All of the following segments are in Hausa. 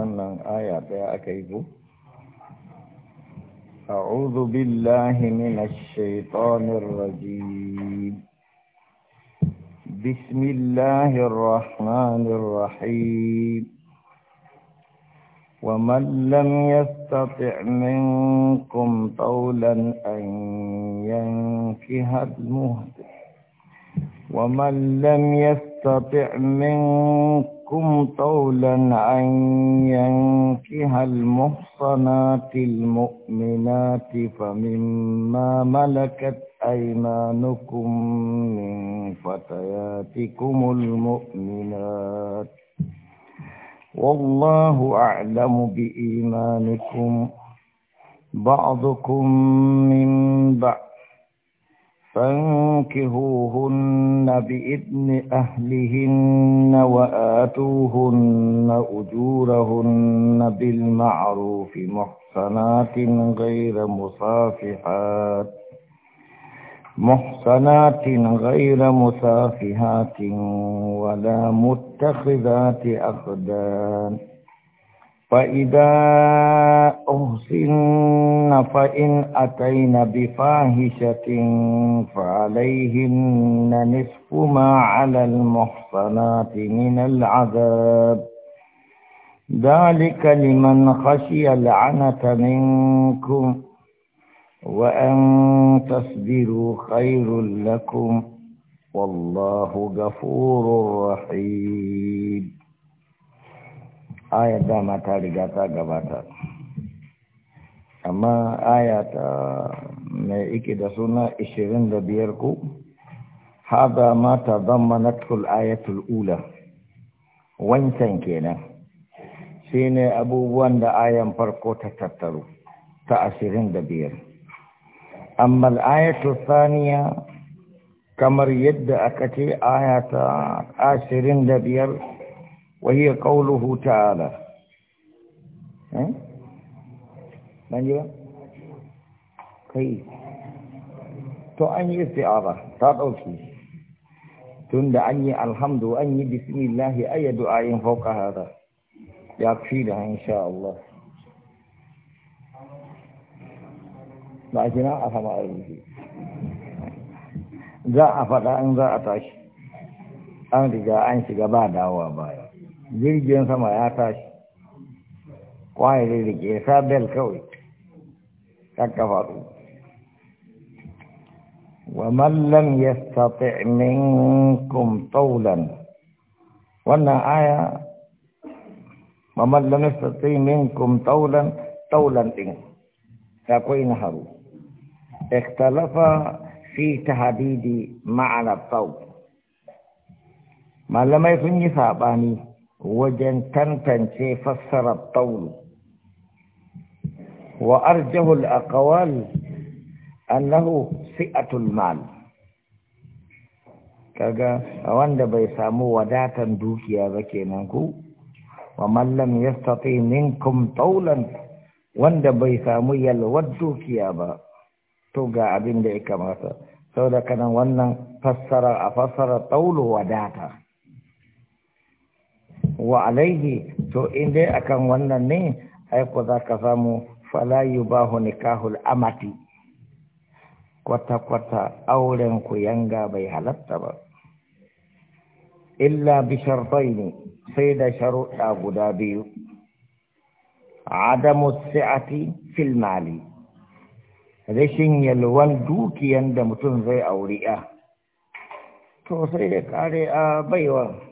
wannan aya daya aka yi bu أعوذ بالله من الشيطان الرجيم بسم الله الرحمن الرحيم ومن لم يستطع منكم طولا أن ينكه المهدي ومن لم يستطع منكم لكم طولا أن ينكها المحصنات المؤمنات فمما ملكت أيمانكم من فتياتكم المؤمنات والله أعلم بإيمانكم بعضكم من بعض فانكهوهن بإذن أهلهن وآتوهن أجورهن بالمعروف محصنات غير مصافحات محصنات غير مسافهات ولا متخذات أخدان فإذا أحسن فإن أتين بفاهشة فعليهن نصف ما على المحصنات من العذاب ذلك لمن خشي العنة منكم وأن تصبروا خير لكم والله غفور رحيم ayar dama ta riga ta gabata amma aya ta mai ike da suna 25 ku. haɗa mata zan manatul ayatul ula wancan kenan shi ne abubuwan da ayan farko ta tattaru ta 25 amma ayatul saniya kamar yadda aka ce aya ta 25 وهي قوله تعالى ها نجيبه كيف تو اني استعاره تادوكي tunda an yi alhamdu an yi bismillahi ayya du'ayin fauka hada ya fi da insha Allah za a faɗa in za a tashi an riga an shiga ba dawowa baya jirgin sama ya tashi kwaye da rike sa bel kawai kakka faru wa mallan ya stafi minkum taulan wannan aya wa mallan ya stafi minkum taulan taulan ɗin ta kwai na haru ikhtalafa fi tahdidi ma'ana taul malamai sun yi saɓani wajen tantance fassara taulu wa arjahul aqwal annahu si'atul mal kaga wanda bai samu wadatan dukiya ba kenan ku wa man lam yastati minkum taulan wanda bai samu yalwar dukiya ba to ga abin da ya kamata saboda kanan wannan fassara a fassara taulu wadata wa alaihi to in dai akan wannan ne ai ko za ka samu fala bahu nikahul amati kwata-kwata auren ku yanga bai halatta ba illa bi ne, sai da sharuɗa guda biyu adamu si'ati fil mali rashin yalwan dukiyan da mutum zai auri'a to sai da kare a baiwa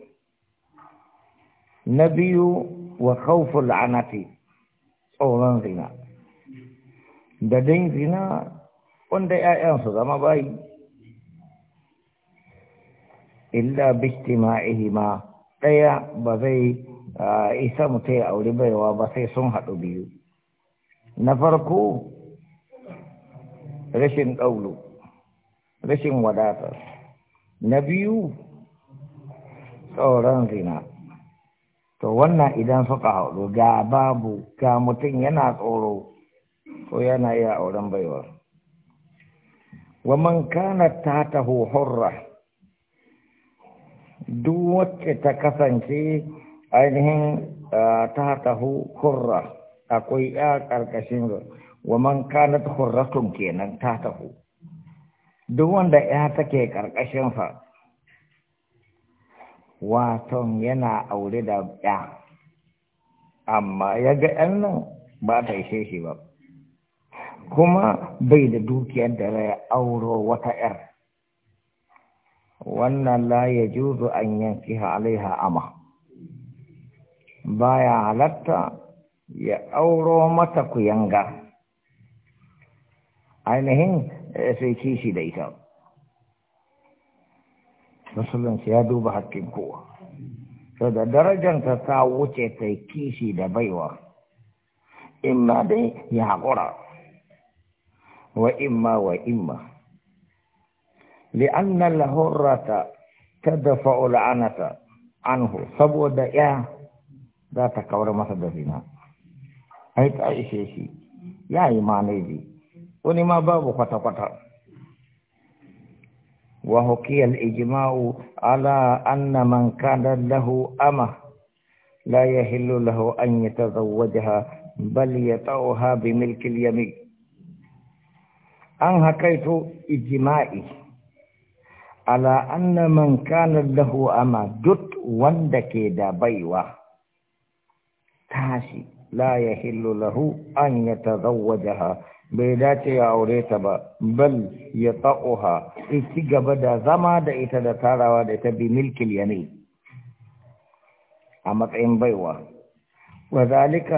na biyu wa khawful anati tsoron zina da dai zina wanda ƴaƴansu su zama bayi illa bijtima'ihi ma daya ba zai isa mutai ya auri baiwa ba sai sun haɗu biyu na farko rashin ɗaulu rashin wadatar na biyu tsoron zina to wannan idan suka haɗu ga babu ga mutum yana tsoro ko yana iya auren baiwa wa man kana taho hurra duk wacce ta kasance ainihin ta taho hurra akwai ya ƙarƙashin wa man ta hurratun kenan ta taho? duk wanda ya take ƙarƙashin fa waton yana aure da ya amma ya ga ɗan nan ba ta ishe shi ba kuma bai da dukiyar da ya auro wata ‘yar wannan la ya juzu an yanki alaiha ama baya halatta ya auro mata ku yanga. ainihin eh, sai kishi da ita musulunci ya duba hakkin kowa sau da darajanta ta wuce ta kishi da baiwa imma dai ya haƙura wa imma wa imma li'anna al-hurrata tadfa'u la'anata anhu saboda ya za ta kawar masa da zina ai ta ishe shi ya yi maneji wani ma babu kwata-kwata وحكي الإجماع على أن من كان له أمة لا يهل له أن يتزوجها بل يطعها بملك اليمين أن حكيت إجماعي على أن من كان له أمة جت وندك دا بيوة تاشي لا يهل له أن يتزوجها بيداتي أوريتبا بل يطأها إستيقى بدا زما دا إتدى تاروا دا تبي ملك اليمين أمطعين بيوة وذلك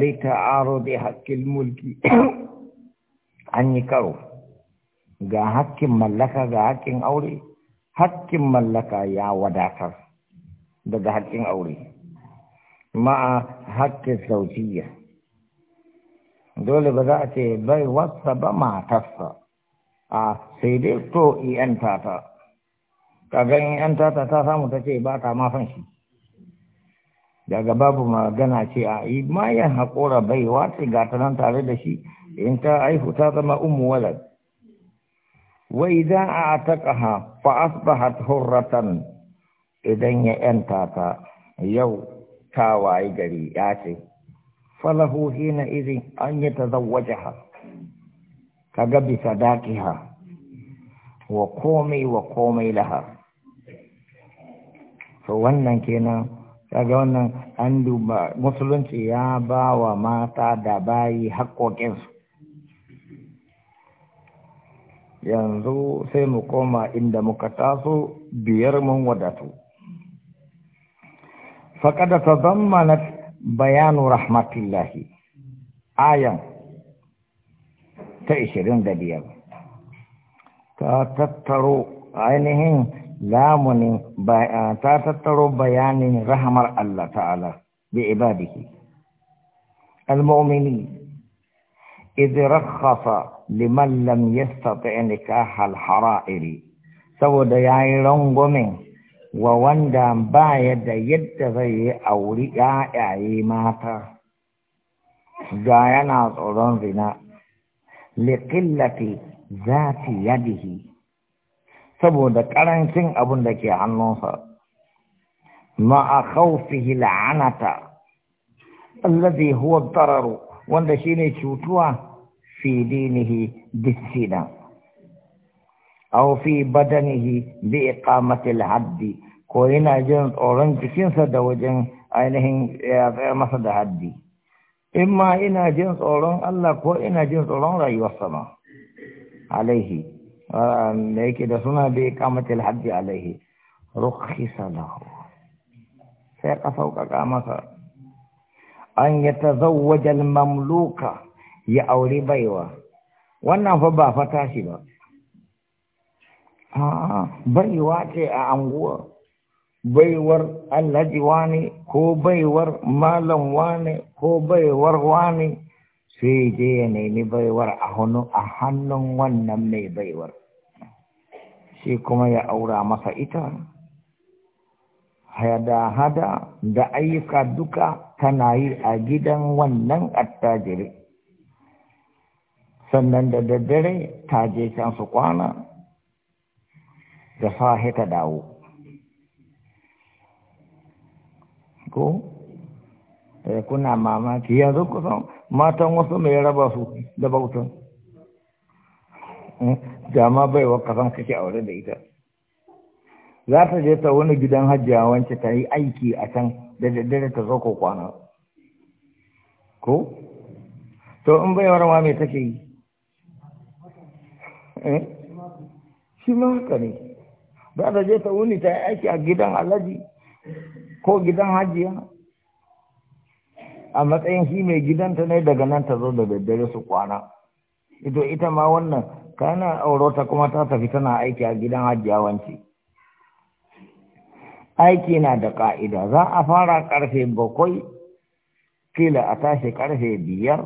لتعارض حق الملك عن يكرو غا حق ملكا غا حق أوري حق ملكا يا وداتر دا حق أوري مع حق الزوجيه dole ba za a ce bai wasa ba matarsa a sai dai to iyan tata kaga iyan tata ta samu ta ce ba ta mafan shi daga babu magana ce a yi mayan haƙora bai ga ta nan tare da shi in ta aihu ta zama umu walad wai za a taƙaha fa asbahat hurratan idan ya yan tata yau ta wayi gari ya ce falahu hina izin an yi ha. ka ga bisa ha. wa komai wa komai laha to wannan kenan kaga wannan an duba musulunci ya ba wa mata da bayi haƙoƙinsu yanzu sai mu koma inda muka taso biyar mun wadatu faƙada ta zammanat بيان رحمة الله آية تأشيرين دبيب تتترو عينهم لامن تتترو بيان رحمة الله تعالى بعباده المؤمنين إذ رخص لمن لم يستطع نكاح الحرائر سود يعي رنغمين wa wanda ba ya da yadda zai yi auri ƴaƴaye mata ga yana tsoron zina liƙillati zati yadihi saboda ƙarancin abin da ke hannunsa Ma a khawfihi la'anata allazi huwa dararu wanda shine cutuwa fi dinihi bisina aw badanihi bi iqamati al-hadd ko yana jin tsoron jikinsa da wajen ainihin ya tsaya masa da haddi Ima ma ina jin tsoron Allah ko ina jin tsoron rayuwar sama alaihi da yake da suna da ya kamata alhaji alaihi rukhisa lahu sai ka sauƙaƙa masa mamluka ya auri baiwa wannan fa ba fata shi ba A'a, baiwa ce a anguwa, baiwar alhaji wane ko baiwar malam wane ko baiwar wane sai je ya nemi baiwar a hannun wannan mai baiwar. Shi kuma ya aura masa ita, hada-hada da ayyuka duka tana yi a gidan wannan attajiri. Sannan da daddare ta je can su kwana. fa sahe ta dawo ko eh kuna mamaki yanzu kusan matan wasu mai raba su da bautan eh, dama bai wa kasan kake aure da ita za ta je ta wani gidan hajjiya wance ta yi aiki a can da daddare ta zo ko kwana ko to in bai warwa me take yi eh shi ma haka ne za ta je ta wuni ta yi aiki a gidan alaji ko gidan hajiya a matsayin shi mai gidanta ne daga nan ta zo da daddare su kwana ito ita ma wannan kana ta kuma ta tafi tana aiki a gidan hajiya wance aiki na da ka'ida za a fara karfe bakwai kila a tashi karfe biyar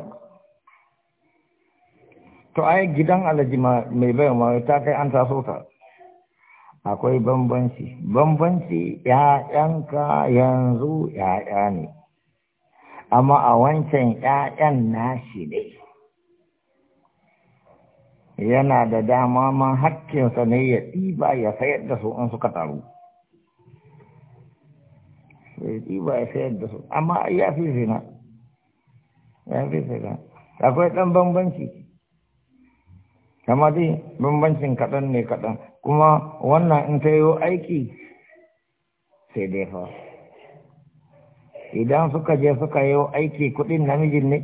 to ai gidan alaji mai bayan ma ta kai an taso ta akwai bambanci bambanci ‘ya'yanka yanzu ‘ya'ya ne amma a wancan ‘ya'yan nashi ne yana da dama ma hakkinsa ne ya ɗiba ya sayar da su in suka taru ya ɗiba ya sayar da su amma ya fi zina ya fi zina akwai ɗan bambanci kama dai bambancin kaɗan ne kaɗan kuma wannan in ta yi aiki sai dai fa idan suka je suka yi aiki kuɗin namijin ne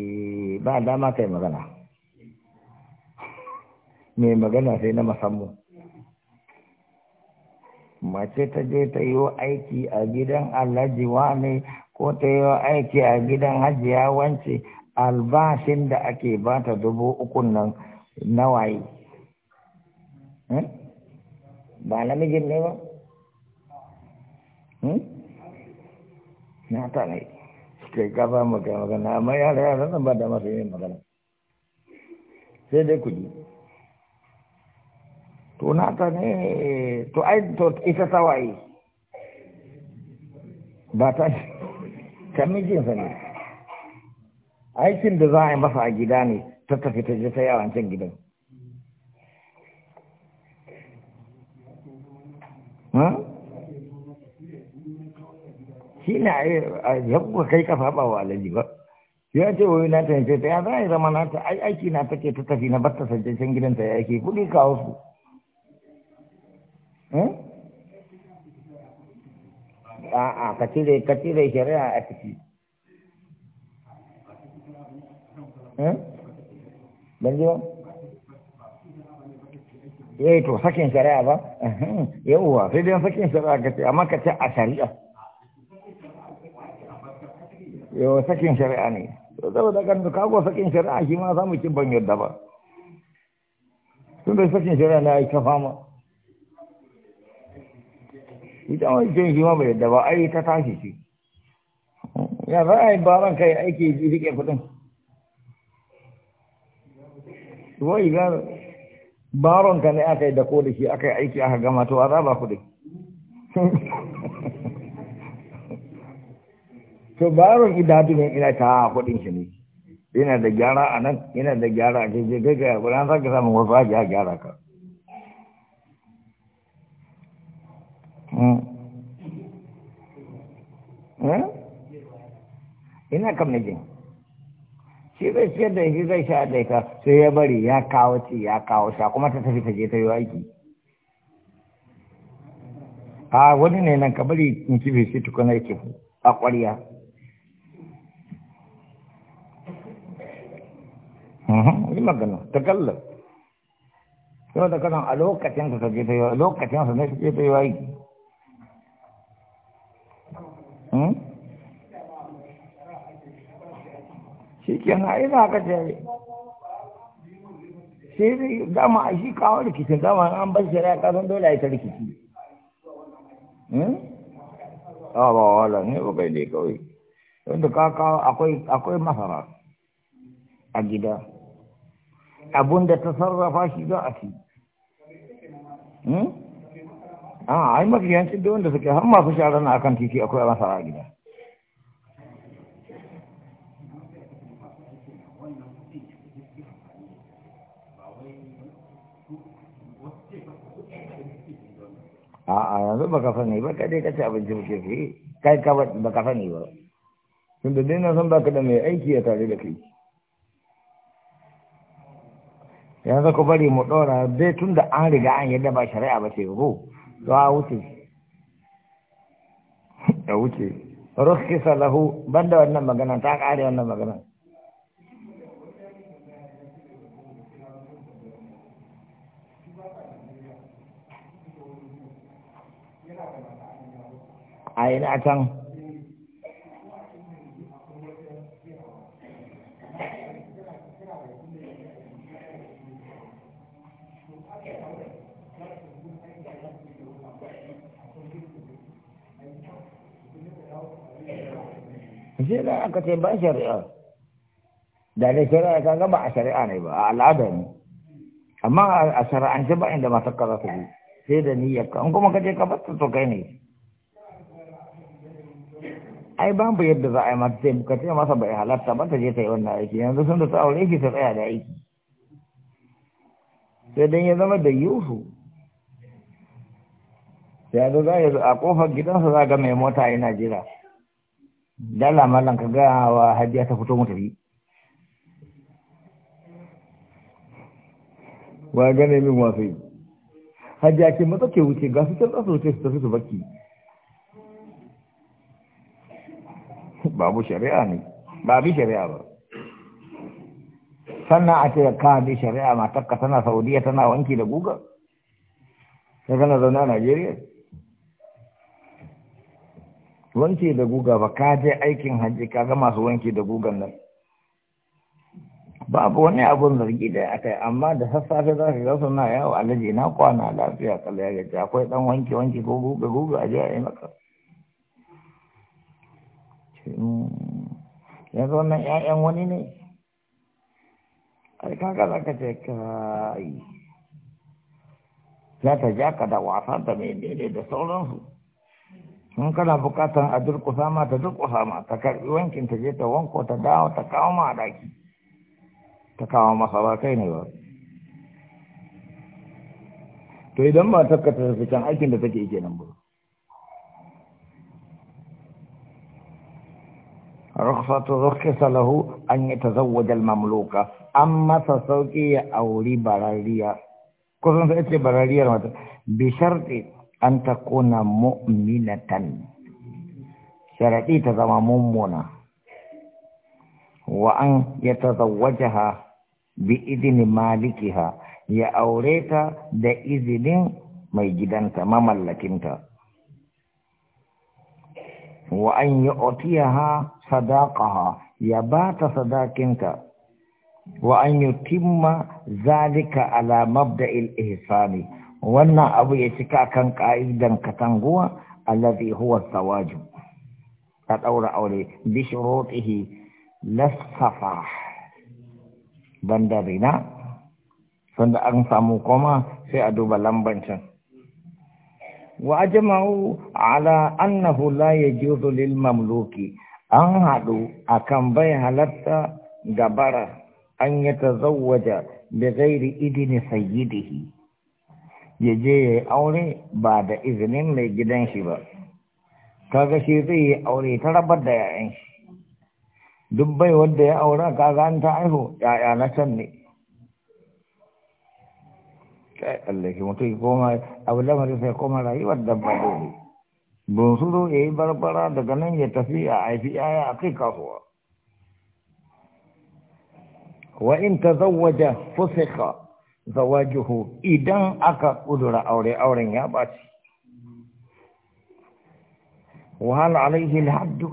eh, ba dama yi magana mai magana sai na musamman mace ta je ta yi aiki a gidan alhaji wane ko ta yi aiki a gidan hajiya wance albashin da ake ba ta dubu ukun nan nawaye hmm? ba namijin ne ba hmm? na ta ne ke gaba maka magana amma yara yara nan ba da masu yin magana sai dai kuji to na ta ne to ai to isa tawaye ba ta sa ne aikin da za a yi masa a gida ne ta tafi ta je sai a wancan gidan shi ne a yabba kai kafa ba wa alaji ba ya ce wai na tafi ta ya za a yi zama na ta ai aiki na take ta tafi na batta sajajen gidan ya yake kuɗi kawo su a'a ka cire shari'a a ciki Eh? ban ji ba yayi eh, to sakin shari'a ba yauwa sai dai sakin shari'a ka ce amma ka ce a shari'a yau sakin shari'a ne to saboda kan ka go sakin shari'a shi ma samu kin ban yadda ba tun da sakin shari'a na ai ka fama ita wani jin shi ma bai yadda ba ai ta tashi shi ya za a yi baran kai aiki rike kudin wai ga baron ka ne aka yi da ko da shi aiki aka gama to azaba ku dai to baron idadu ne ina ta kudin shi ne Ina da gyara a nan da gyara a ga ga ga gudan za ka samu wasu ajiya gyara ka hmm. Hmm? ina kam ne jin shi zai ciyar da shi zai sha da ita sai ya bari ya kawo ci ya kawo sha kuma ta tafi ta je ta yi aiki a wani ne nan ka bari in kife shi tukuna ya kifu a ƙwariya mhm, yi magana ta kalla yau da kanan a lokacin ka je ta yi lokacin sa ne su je ta yi aiki hmm? shi ke na ina ka ce shi ne dama a shi kawo rikicin dama an bar shari'a kasan dole a yi ta rikici hmm? a ba wala ne ba kai dai kawai wanda ka kawo akwai masara a gida abun da ta sarrafa shi za a fi hmm? a ah, ai mafi yancin da wanda suke har masu shara na akan titi akwai masara a gida a'a yanzu baka sani ba kai dai kace abinci muke fi kai ka baka sani ba tun da dai na san baka da mai aiki ya tare da kai yanzu ku bari mu ɗora dai tun da an riga an yadda ba shari'a ba ce ko to a wuce ya wuce rukhisa lahu banda wannan magana ta kare wannan magana a ina can sai da aka ce ba shari'a da dai shari'a ka gaba a shari'a ne ba a al'ada ne amma a ce ba inda matakar za sai da niyyar ka kuma ka je ka fasta to kai ne ai mu yadda za a yi mata sai ka ce masa bai halatta ba ta je ta yi wannan aiki yanzu sun da ta aure ki ta tsaya da aiki sai dan ya zama da yusu sai ga za ya a kofar gidansa za ga mai mota yana jira dala lamarin ka gaya wa hajiya ta fito mu tafi wa gane min wasu hajiya ke matsa ke wuce ga su can tsasa wuce su tafi su baki babu shari'a ne ba bi shari'a ba sannan a ce ka bi shari'a matakka tana saudiya tana wanki da guga sai kana zaune a najeriya wanki da guga ba ka je aikin hajji ka ga masu wanki da gugan nan babu wani abun zargi da aka yi amma da sassafe za ka gasa na yawo alaji na kwana lafiya kala ya gaji akwai dan wanki wanki ko guga guga a je a yi maka Mm. yanzu wannan ƴaƴan wani ne ai kaga za ka ce kai za ta ja ka da wasa da menene da sauransu in kana bukatan a durƙusa ma ta durƙusa ma ta karbi wankin ta je ta wanko ta dawo ta kawo ma daki ta kawo masa ba kai ne ba to idan ba ta ka da can aikin da take nan ba rukfatu rukisa lahu an yi tazawwajal mamluka an masa sauki ya auri barariya ko sun sai ce barariyar mata bi sharti an ta kuna mu'minatan sharadi ta zama mummuna wa an ya tazawwajaha bi idinin malikiha ya aure ta da izinin mai gidanta mamallakinta wa an yi otiyaha sadaqaha ya ba ta sadakinta wa an yi timma zalika ala mabda'il ihsani wannan abu ya cika kan ka'idan katanguwa allazi huwa sawaju ka daura aure bi shurutihi lasafa sanda an samu koma sai a duba lambancin Wa jama'u ala Annahulayyai Josuel mamluki an haɗu akan bai halarta gabara. Anya ta zawaje bai gairi idon sayi da hii. Ya aure ba da izinin mai gidan shi ba. Ta gaishe zai yi aure taraɓar da ya yin shi. Dabbawa da ya aura, kaza an ta aihu? Yaya na ne. kai allaki mutum koma abu lamarin sai koma rayuwar dabbobi bunsuru ya yi barbara daga nan ya tafi a haifi yaya a kai kasuwa wa in tazawwaja fusika zawajuhu idan aka kudura aure auren ya baci wa hal alaihi al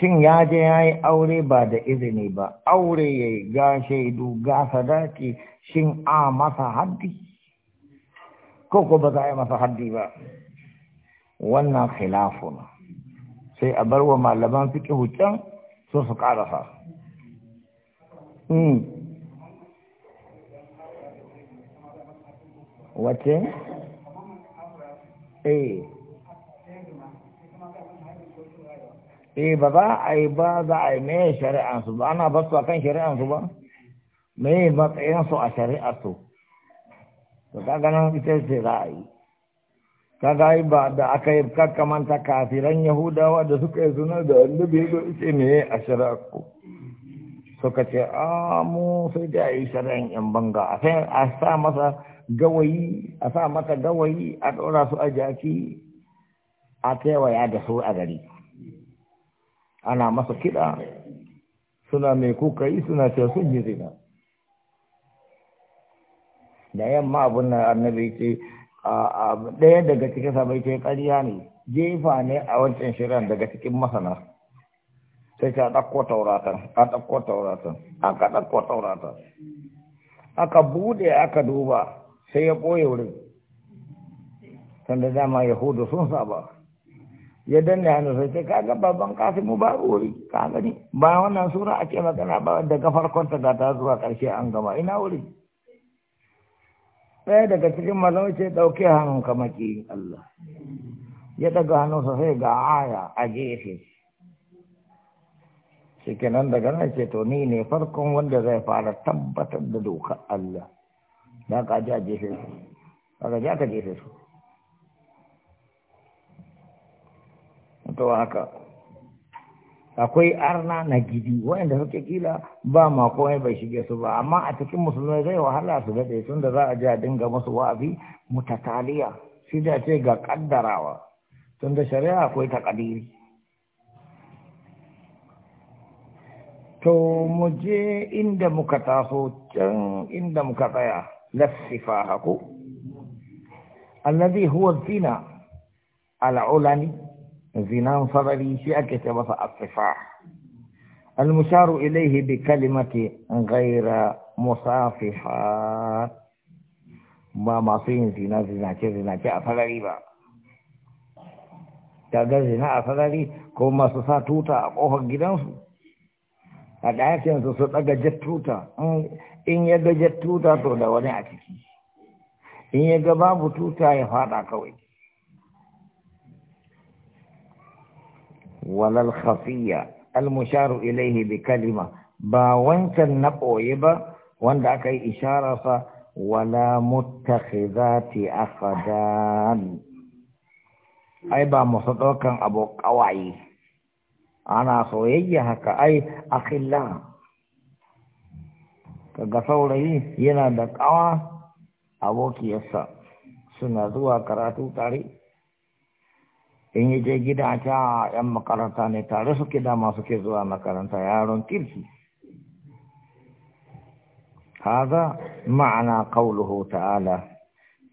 shin ya je ya yi aure ba da izini ba aure ya yi ga shaidu ga sadaki shin a masa haddi ko ko ba za a yi masa haddi ba wannan khilafun sai a bar wa malaman fiƙi huccan su su ƙarasa hmm. wace? eh eh ba za a yi ba za a yi me shari'ansu ba ana ba su a kan shari'ansu ba me matsayinsu a shari'arsu to kaga nan ita ce za a yi yi ba da aka yi kakkamanta kafiran yahudawa da suka yi suna da annabi ya ce me a shari'arku suka ce a mu sai da yi shari'an yan banga a sa masa gawayi a sa mata gawayi a ɗora su a jaki a kewaya da su a gari ana masa kiɗa suna mai kuka yi suna cewa sun yi zina da yamma abin da annabi ce ɗaya daga cikin sabai ce ƙarya ne jefa ne a wancan shirin daga cikin masana sai ta ɗauko tauratan a ɗauko tauratan aka ɗauko tauratan aka bude aka duba sai ya ɓoye wurin sanda dama yahudu sun saba ya danne hannu sai kaga babban kasimu ba wuri ka gani ba wannan sura ake magana ba daga farkon ta ta zuwa karshe an gama ina wuri ɗaya daga cikin malamai ce ɗauke hannun ka makiyin Allah ya daga hannun sa sai ga aya a gefe shi kenan daga nan ce to ni ne farkon wanda zai fara tabbatar da dokar Allah da ka ji a gefe su ka ji aka gefe su mutuwa haka akwai arna na gidi wa'anda suke kila ba ma komai bai shige su ba amma a cikin musulmai zai wahala su daɗe tun da za a ji a dinga musu wa'azi mutataliya shi da ce ga kaddarawa tun da shari'a akwai takadiri to mu je inda muka taso can inda muka tsaya lassifa haku allazi huwa zina al'ulani zinan farari shi ake ce masa asifa المشار إليه بكلمة غير مصافحات zina معصين زنا زنا زنا أفلالي با kaga zina a farari ko masu sa tuta a kofar gidansu a ɗakinsu su ɗaga jet tuta in ya ga jet tuta to da wani a ciki in ya ga babu tuta ya faɗa kawai walal khafiya al musharu ilaihi bi kalima ba wancan na boye ba wanda aka yi isharar fa wala muttakhizati afadan ay ba musadokan abu kawai ana soyayya haka ay akhilla ka ga saurayi yana da kawa abokiyarsa suna zuwa karatu tare in yi je gida ta yan makaranta ne tare suke masu suke zuwa makaranta yaron kirki haza ma'ana qauluhu ta'ala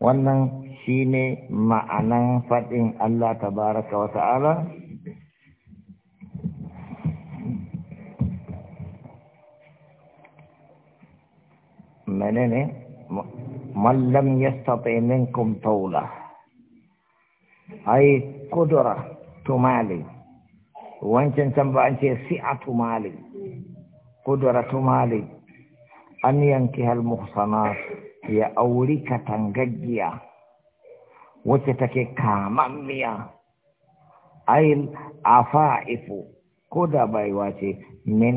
wannan shi ne ma'anan faɗin Allah tabaraka wa ta'ala menene Mallam ya yastati minkum Taula. ai kudura tumali wancan can ba an ce tumali kudura tumali an yanki hal muhsana ya auri ka katangaggiya wacce take kamammiya ai afa'ifu ko da baiwa wace? min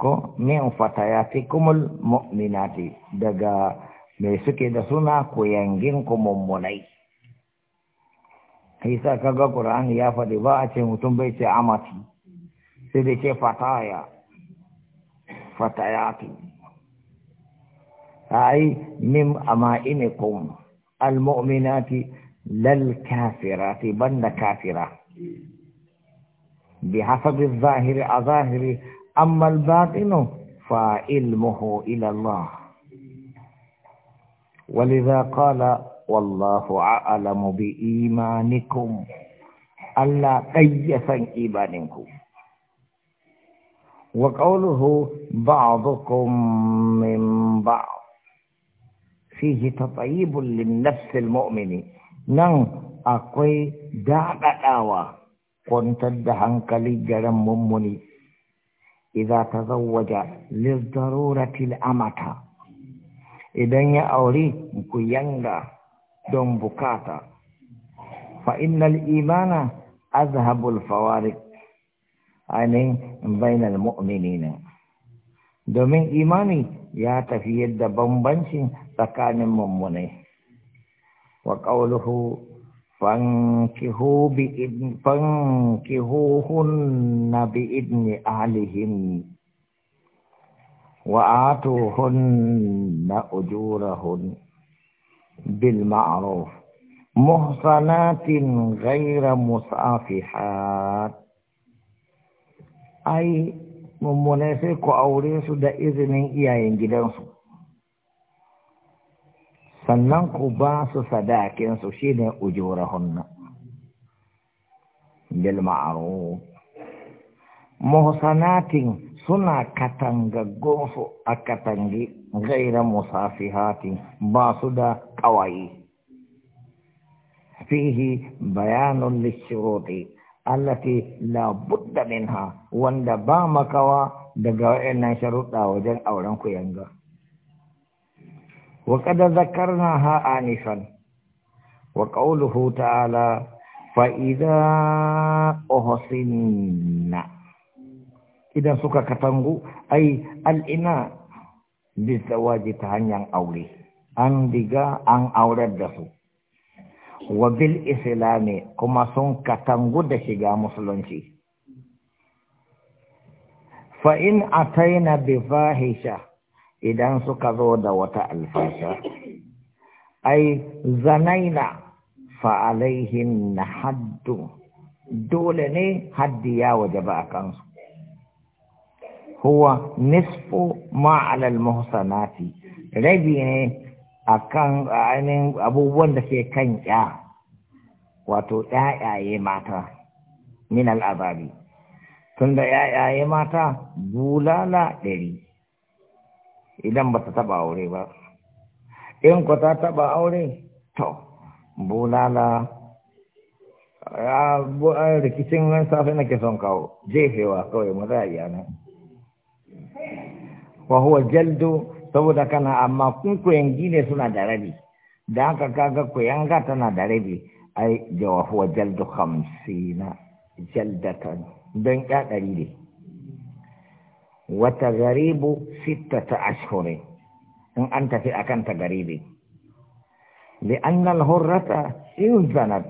ko min fatayati kumul mu'minati daga mai suke da suna yangin ku mummunai sa kaga ƙur'ani ya faɗi ba a ce mutum bai ce amati sai da ce fataya fatayati ai mim ama'inikum almu'minati lal kafirati banda kafira بحسب الظاهر أظاهر أما الباطن فعلمه إلى الله ولذا قال wallahu a'lamu bi imanikum Allah kayyasan ibaninku wa qawluhu ba'dukum min ba'd fihi tatayibun lin nafsil mu'mini nan akwai daɗaɗawa kwantar da hankali garin mummuni idza tazawwaja lidarurati al'amata idan ya auri ku yanga don bukata fa innal imana azhabul fawarik ainihin bainal mu'minina domin imani ya tafi yadda bambancin tsakanin mummunai wa ƙauluhu fankihuhunna bi idni ahlihin wa atuhunna ujurahunna بالمعروف محصنات غير مصافحات أي ممونسي كأولي سد إذن إيا ينجدن سو سنن كباس سداكين سو شين أجورهن بالمعروف محصنات سنة كتنغ غوفو أكتنغي musafi hati ba su da ƙawaye fihi bayanun lishiroti allati la min ha, wanda ba makawa daga wa'annan sharuɗa wajen auren ku yanga wa kada zakarna ha nisan wa qawluhu ta'ala fa idza uhsinna idan suka katangu ai al bizawaji ta hanyar aure an diga an aurar da su wabil islami kuma sun katangu da shiga musulunci fa in ataina bi fahisha idan suka zo da wata alfasha ai zanaina fa na haddu dole ne haddi ya wajaba a kansu huwa nisfu ma alal muhsanati rabi ne akan ainihin abubuwan da ke kan ya wato ‘ya’yaye mata min al'azabi tunda ‘ya’yaye mata bulala ɗari idan ba ta taɓa aure ba in ku ta taɓa aure to bulala rikicin wani safe ke son kawo jefewa kawai maza yanayi wa jaldo saboda kana amma kun koyangi gine suna da rabi da haka kaga koyanga tana da rabi ai da wa jaldo hamsina jaldatan don ya ɗari ne wata garibu sitta ta ashirin in an tafi akan ta garibi لأن in إن wani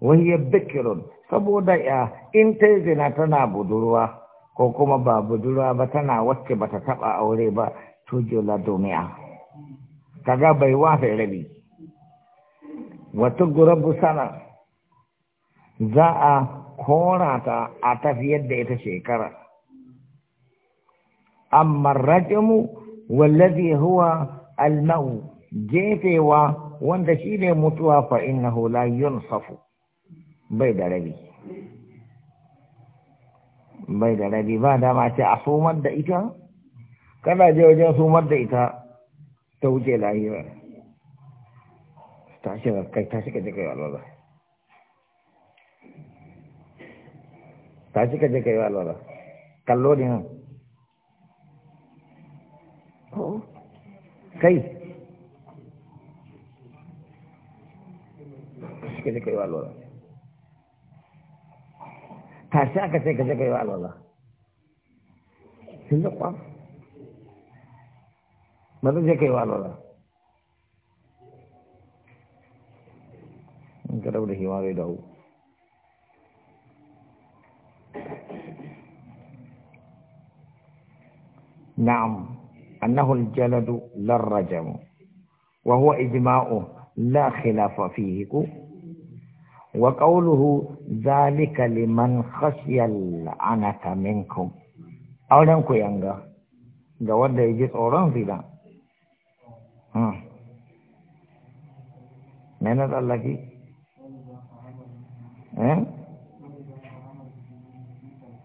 وهي بكر saboda ya in ta zina tana budurwa ko kuma ba budurwa ba tana wacce bata taba taɓa aure ba jola domiya kaga bai wafe rabi wato gurabu sana za a kora a tafiyar da ita shekara amma rajimu wallazi huwa almau jefewa wanda shine mutuwa fa innahu la yunsafu bai da rabi bai da rabi ba dama ce a sumar da ita kada je wajen sumar da ita ta wuce lahira ta shi kai ta shi kaje kai walwala ta shi kaje kai walwala kallo ne nan kai shi ka jikai walwala tashi aka ce ka wala ka yi wa alwala sun da kwa ba zai je ka yi wa alwala in ka daura hima zai dawo na'am annahu aljaladu larrajamu wa huwa ijma'u la khilafa fihi wa qawluhu zalika liman khashiyal anaka minkum auren ku yanga ga wanda ya ji tsoron zina me na tsallaki eh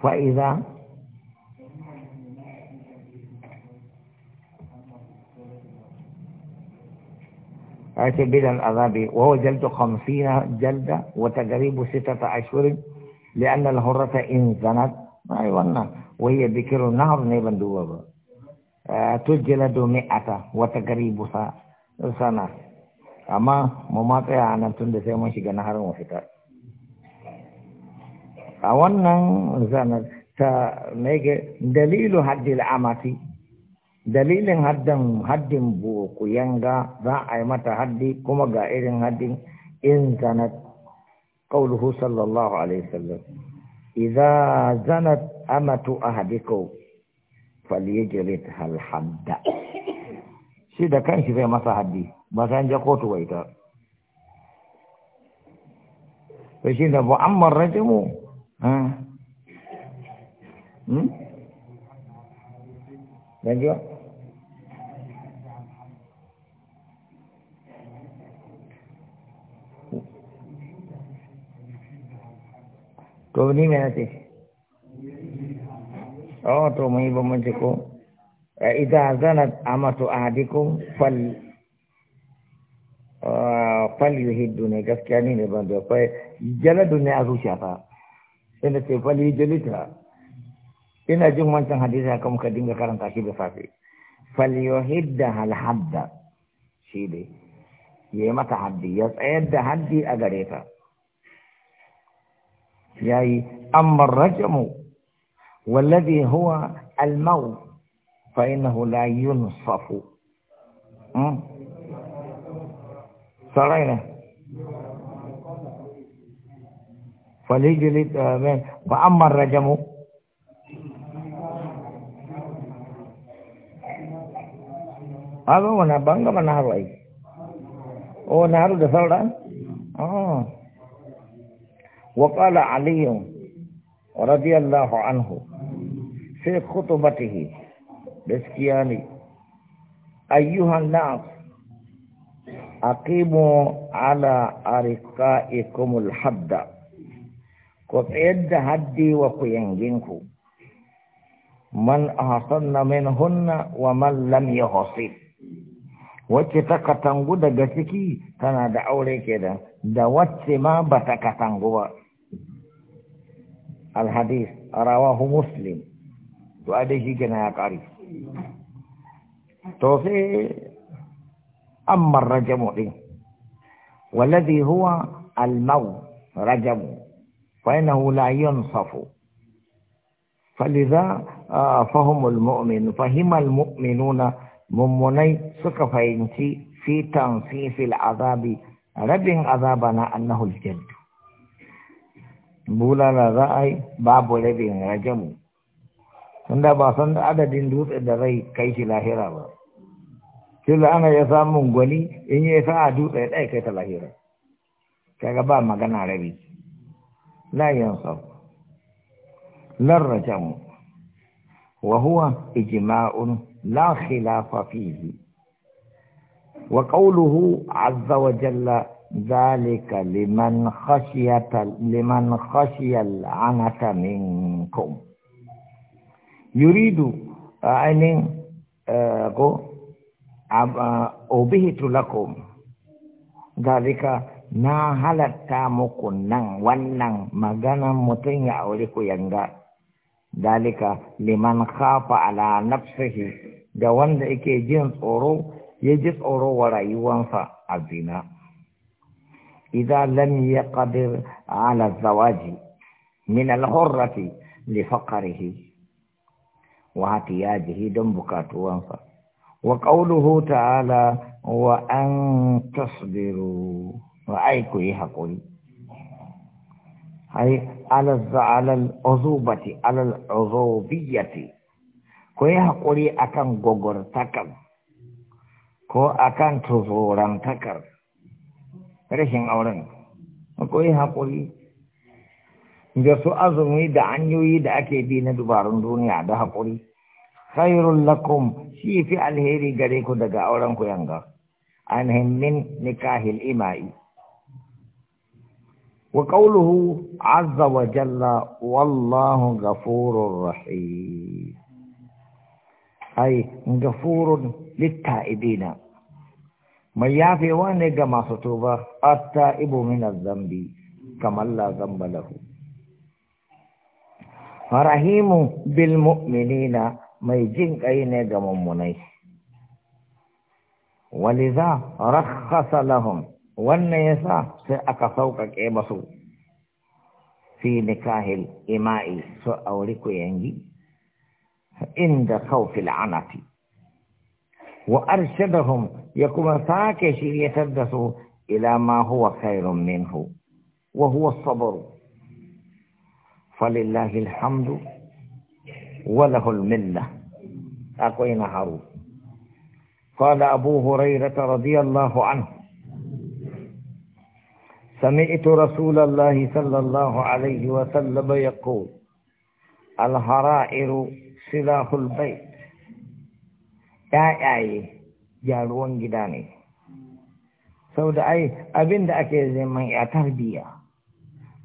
fa'iza ake bidan azabi wa huwa jaldu khamsina jalda Wata gari busita ta li'anna al-hurrata in zana. ai wannan wa hiya dhikru ne ban duba ba tujladu mi'ata wa gari sa sana amma mu ma tsaya anan tun da sai mun shiga naharin wa fita a wannan zanar ta mege dalilu haddil amati dalilin haddin haddin boku yanga za a yi mata haddi kuma ga irin haddin in zanat qauluhu sallallahu alaihi sallam idza zanat amatu ahadikum falyajrid hal halhadda shi da kanshi zai masa haddi ba sa yin jakotu wai ta to shi da mu'ammar rajimu Thank eh? hmm? you. to ni me nace oh to mai bambanci ko idza zanat amatu ahadikum fal fal yuhiddu ne gaskiya ni ne ban da kai jaladu ne a zuciya fa sai na ce fal yujalita ina jin wancan hadisi haka muka dinga karanta shi da safe fal yuhidda hal hadda shi dai mata haddi ya tsayar da haddi a gare ta يعني أما الرجم والذي هو الموت فإنه لا ينصف سرعنا فليجلد وأما الرجم هذا هو نبانغ نهر أي هو نهار دفعنا آه وقال علي رضي الله عنه في خطبته بسكياني أيها الناس أقيموا على أرقائكم الحد كفيد هدي وكينجنكو من أحسن منهن ومن لم يحسن wacce ta katangu daga ciki tana da aure kenan da wacce ma ba ta katangu ba الحديث رواه مسلم وأديه كنا قريب توفي أما الرجم إيه؟ والذي هو الموت رجم فإنه لا ينصف فلذا آه، فهم المؤمن فهم المؤمنون ممني سكفينتي في تنصيف العذاب رب عذابنا أنه الجد bulala za a yi babu rabin rajamu da ba san adadin dutse da zai kai shi lahira ba kila ana ya samun gwani in yi sa a dutse ya kai ta lahira kaga ba magana rabi la yansa lan rajamu wa huwa ijma'un la khilafa fihi wa qawluhu azza wa jalla zalika liman khashiyata liman khashiyal anata minkum yuridu ainin ko ubihitu lakum zalika na halatta muku nan wannan maganan mutum ya aure ku yanga dalika liman kafa ala nafsihi ga wanda yake jin tsoro ya ji tsoro wa rayuwarsa a zina إذا لم يقدر على الزواج من الحرة لفقره واحتياجه دم وانفا وقوله تعالى وأن تصبروا وأيكو يحقوني أي على على العذوبة على العذوبية ko أكان haƙuri تكر كو أكان تزوران تكر rashin auren akwai haƙuri da su azumi da hanyoyi da ake bi na dubarun duniya da haƙuri khairun lakum shi fi alheri gare ku daga auren ku yanga ainihin min nikahil ima'i wa qawluhu azza wa jalla wallahu ghafurur rahim ay ghafurun lit-ta'ibina mai yafewa ne ga masu tuba atta ibu mina zambi kamar la zamba lahu rahimu bil mu'minina mai jin kai ne ga mummunai waliza rakhasa lahum wannan yasa sai aka sauƙaƙe masu fi nikahil ima'i su auri ku yangi inda kaufil anati وأرشدهم يكون فاكش يتدسوا إلى ما هو خير منه وهو الصبر فلله الحمد وله الملة أقوين هارون قال أبو هريرة رضي الله عنه سمعت رسول الله صلى الله عليه وسلم يقول الهرائر سلاح البيت ‘ya'yaye gyaruwan gida ne sau da ai abin da ake zaman ya tarbiya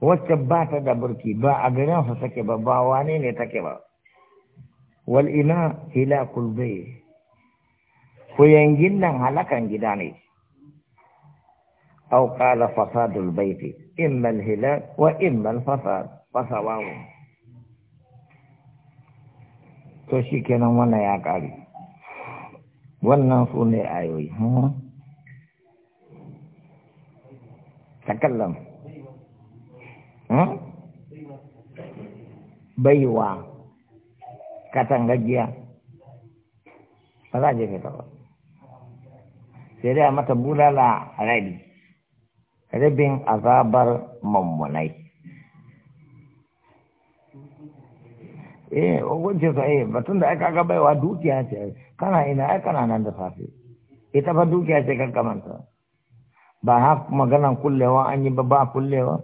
wacce ba ta da burki ba a garin su take ba ba wane ne take ba wal ina hila kulbai ku nan halakan gida ne au qala fasadul baiti imma al hila wa imma al fasad fasawamu to shikenan wannan ya kare wannan su ne ayoyi takallam baiwa katangajiya ba za a jefe ta ba sai dai a mata bulala rabi rabin azabar mummunai eh hukuncin sa eh batun da aka ga baiwa dukiya ce kana ina ai kana nan da safe ita fa dukiya ce kan kamanta ba ha magana kullewa an yi ba kullewa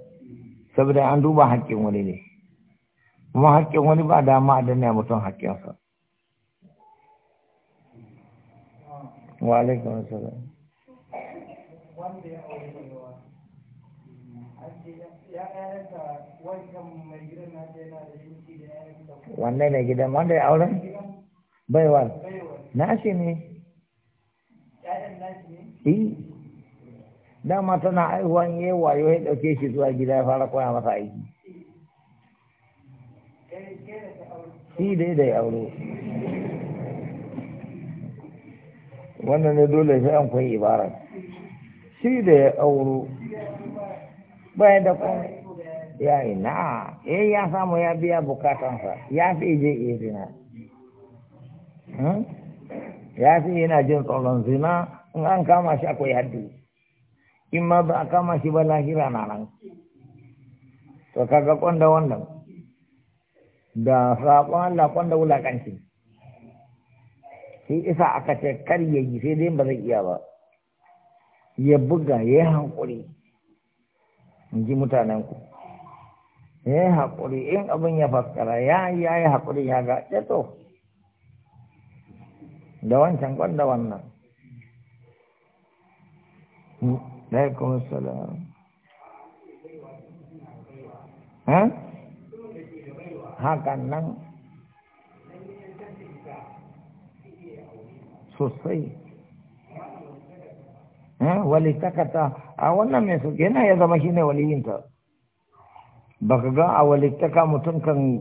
saboda an duba haƙƙin wani ne kuma haƙƙin wani ba dama a danna mutum hakkinsa wa alaikum assalam wanda ya aure wannan ne gidan wanda ya auren baiwar na shi ne yi dama tana aihuwan yi wayo ya ɗauke shi zuwa gida ya fara koya masa aiki shi dai da ya auro wannan ne dole sai an kwayi ibarar shi da ya auro baya da komai ya na eh ya samu ya biya bukatansa hmm? ya fi je zina ya fi yana jin tsoron zina in an kama shi akwai haddi in ma ba a kama shi ba lahira na nan to kaga kwanda wannan da saƙon Allah kwanda wulaƙanci sai isa aka ce kar ya yi sai dai ba zai iya ba ya buga ya yi hankuri in ji ku ya yi haƙuri in abin ya faskara ya yi ya yi haƙuri ya ga ƙeto da wancan gwanda wannan hakan nan sosai Eh, wali takata a wannan mai su yana ya zama shine waliyinta baka ga a walittaka mutum kan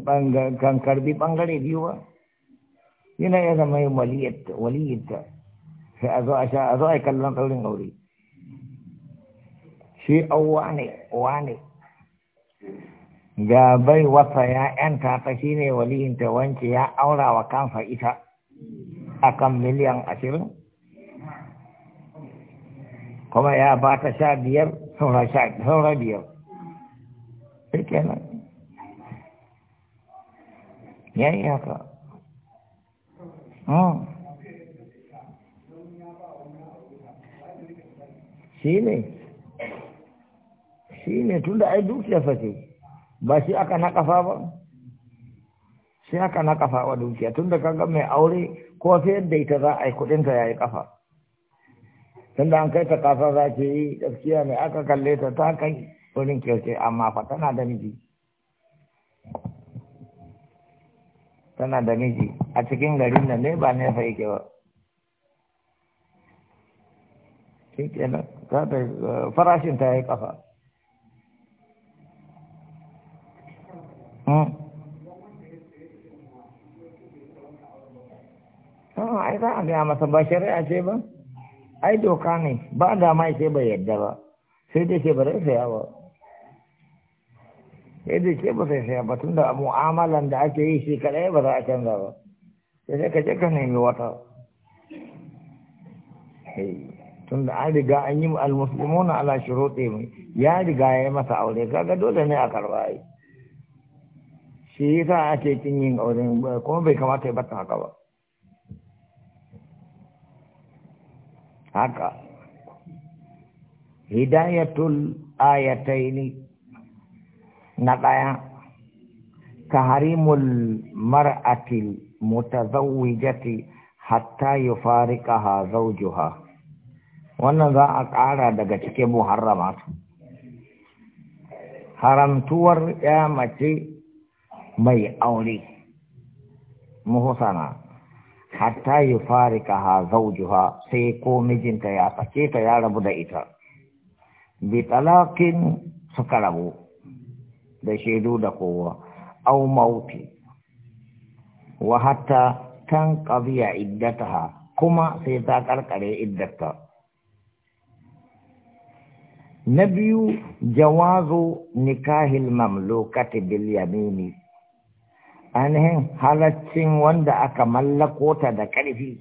kan karbi bangare biyu ba yana ya zama yin waliyinta sai a zo a sha a zo a yi kallon tsaurin aure shi auwa ne uwa ne ga bai wata ya'yanta ta ne waliyinta wance ya aura wa kansa ita akan miliyan ashirin kuma ya ba ta sha biyar saura biyar sai kenan ya yi haka hmm. shi ne shi ne tun da ai dukiyarsa fashe ba shi aka na kafa ba shi aka na kafa wa dukiya tun da kaga mai aure ko sai yadda ita za a yi kudinta ya yi kafa tunda an kai ta kafa za ke yi gaskiya ne aka kalle ta ta kai wurin kyauce amma fa tana da miji tana da miji a cikin garin nan ne ba ne fa yake ba eh, farashin ta yi kafa hmm. ah, ai za a gaya masa ba shari'a ce ba ai doka ne ba da ma sai bai yarda ba sai dai ce ba zai saya ba sai dai ce ba sai saya ba tunda mu'amalan da ake yi shi kadai ba za a canza ba sai sai ka je ka nemi wata tunda an riga an yi al-muslimuna ala shurutihim ya riga ya yi masa aure kaga dole ne a karba ai shi yasa ake cin yin aure kuma bai kamata ya bata haka ba haka hidayatul ayataini na ɗaya taharimul mar'atil mutazawwijati hatta yufariqaha zawjuha wannan za a ƙara daga cikin muharramat haramtuwar ya mace mai aure muhsana hatta yi farika ha zaujuha sai ko mijinta ya sake ta ya rabu da ita bi talakin suka rabu da shaidu da kowa au mauti wa hatta tan iddata ha, kuma sai ta karkare iddata na biyu jawazo nikahil mamlokati bil yamini ainihin halaccin wanda aka mallako ta da ƙarfi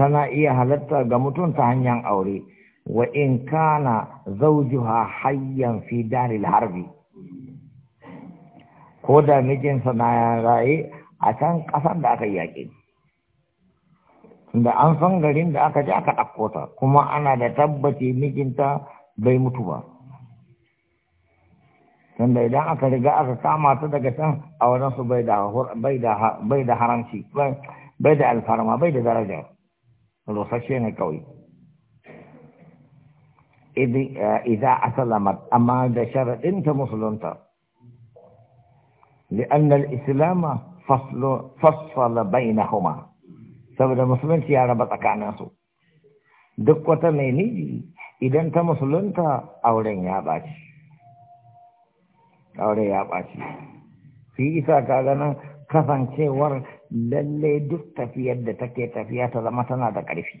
tana iya halatta ga mutum ta hanyar aure wa in kana zaujuha hayan fi daril harbi ko da mijinsa na raye a can ƙasar da aka yaƙi da an san garin da aka ji aka ɗauko ta kuma ana da tabbaci mijinta bai mutu ba tunda idan aka riga aka kama ta daga can a wajen su bai da bai da haramci bai da alfarma bai da daraja rusashe ne kawai idan eh, asalama amma da sharaɗin ta musulunta لأن الإسلام bai na بينهما saboda musulunci ya raba tsakaninsu duk wata mai niji idan ta musulunta auren ya ɓaci aure ya ɓaci fi isa ka ganin kasancewar lalle duk tafiyar da take tafiya ta zama tana da ƙarfi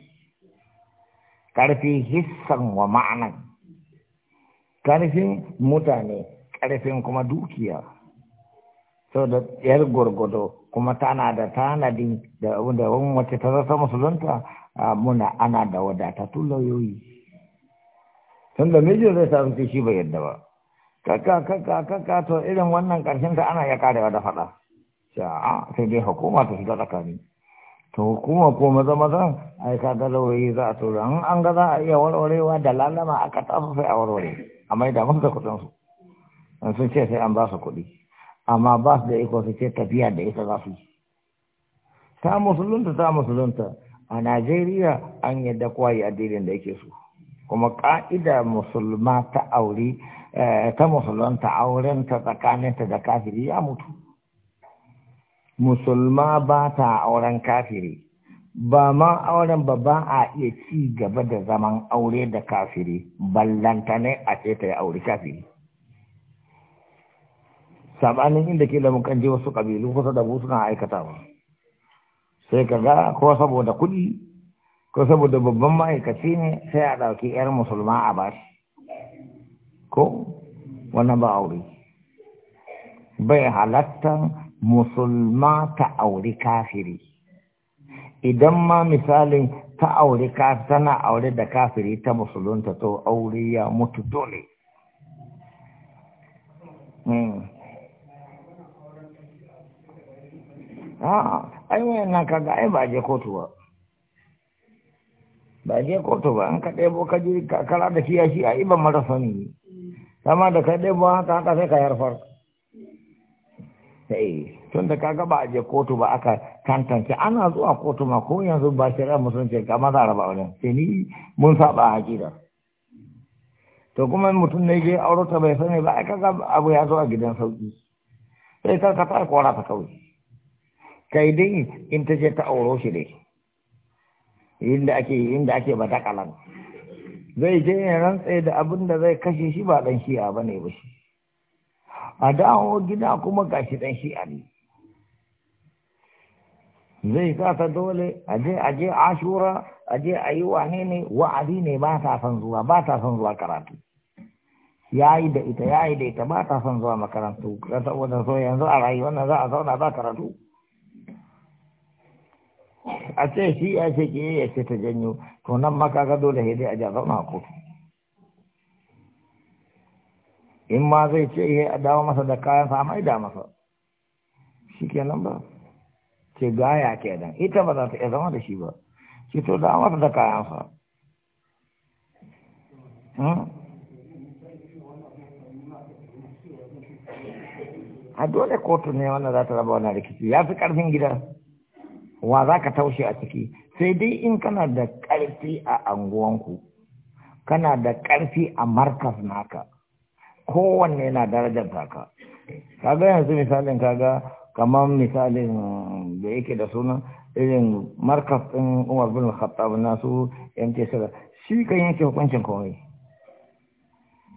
ƙarfi hissan wa ma'anan ƙarfin mutane ƙarfin kuma dukiya sau da yar gwargwado kuma tana da tanadi da da wacce ta zata musulunta muna ana da wadatattun lauyoyi tun da mijin zai sa shi bai yadda ba kaka kaka kaka to irin wannan karshen ta ana ya karewa da faɗa a sai dai hukuma ta shiga tsakani to hukuma ko maza maza ai ka ga lauyoyi za a tura in an ga za a iya warwarewa da lalama aka tafi sai a warware a mai da musu da kuɗin su sun ce sai an ba su kuɗi amma ba su da iko su ce tafiya da ita za su ta musulunta ta musulunta a najeriya an yadda kwayi addinin da yake so kuma ka'ida musulma ta aure Eh, ta musulunta aurenta tsakaninta da kafiri ya mutu musulma ba ta auren kafiri ba ma auren ba ba a iya ci gaba da zaman aure da kafiri ballanta ne a ce ta yi aure kafiri sabanin inda ke da mukan je wasu kabilu kusa da suna aikatawa sai ka ga ko saboda kuɗi ko saboda babban ma'aikaci ne sai a ɗauki 'yar musulma a bashi ko wannan ba aure bai halatta musulma ta aure kafiri idan ma misalin ta auri tana aure da kafiri ta musulunta to aure ya mutu dole hmm. ah, ai wayannan kaga ai ba je kotu ba ba je kotu ba an ka ɗebo ka ji kakara da shi a iban marasa ne sama da kai ɗaya ba haka haka sai ka yarfar sai tun da kaga ba a je kotu ba aka tantance ana zuwa kotu ma ko yanzu ba shari'a musulunci ga maza raba wani sai ni mun saba a hakika to kuma mutum ne je auro ta bai sani ba ka ga abu ya zo a gidan sauki sai kar ka fara kora ta kawai kai dai in ta je ta auro shi dai inda ake inda ake ba ta kalan zai je ya rantse da abin da zai kashe shi ba dan shi'a ba ne ba shi a dawo gida kuma ga shi dan shi'a ne zai kasa dole a je a je ashura a je a yi wane ne wa'azi ne ba ta son zuwa ba ta son zuwa karatu ya yi da ita ya yi da ita ba ta son zuwa makarantu ta so yanzu a rayuwar nan za a zauna ba karatu a ce shi ya ce ke ya ce ta janyo to nan maka ga dole sai dai a jaba ma kotu in ma zai ce ya dawo masa da kayan sa mai da masa shi nan ba ce gaya dan ita ba za ta iya zama da shi ba ce to da masa da kayan sa hmm? a dole kotu ne wannan za ta raba wannan rikici ya fi karfin gida wa za ka taushe a ciki sai dai in kana da ƙarfi a anguwanku kana da ƙarfi a markas naka kowanne yana darajar taka kaga yanzu misalin kaga kamar misalin da yake da suna irin markas ɗin umar bin khattab na su yanke shiga shi kan yanke hukuncin komai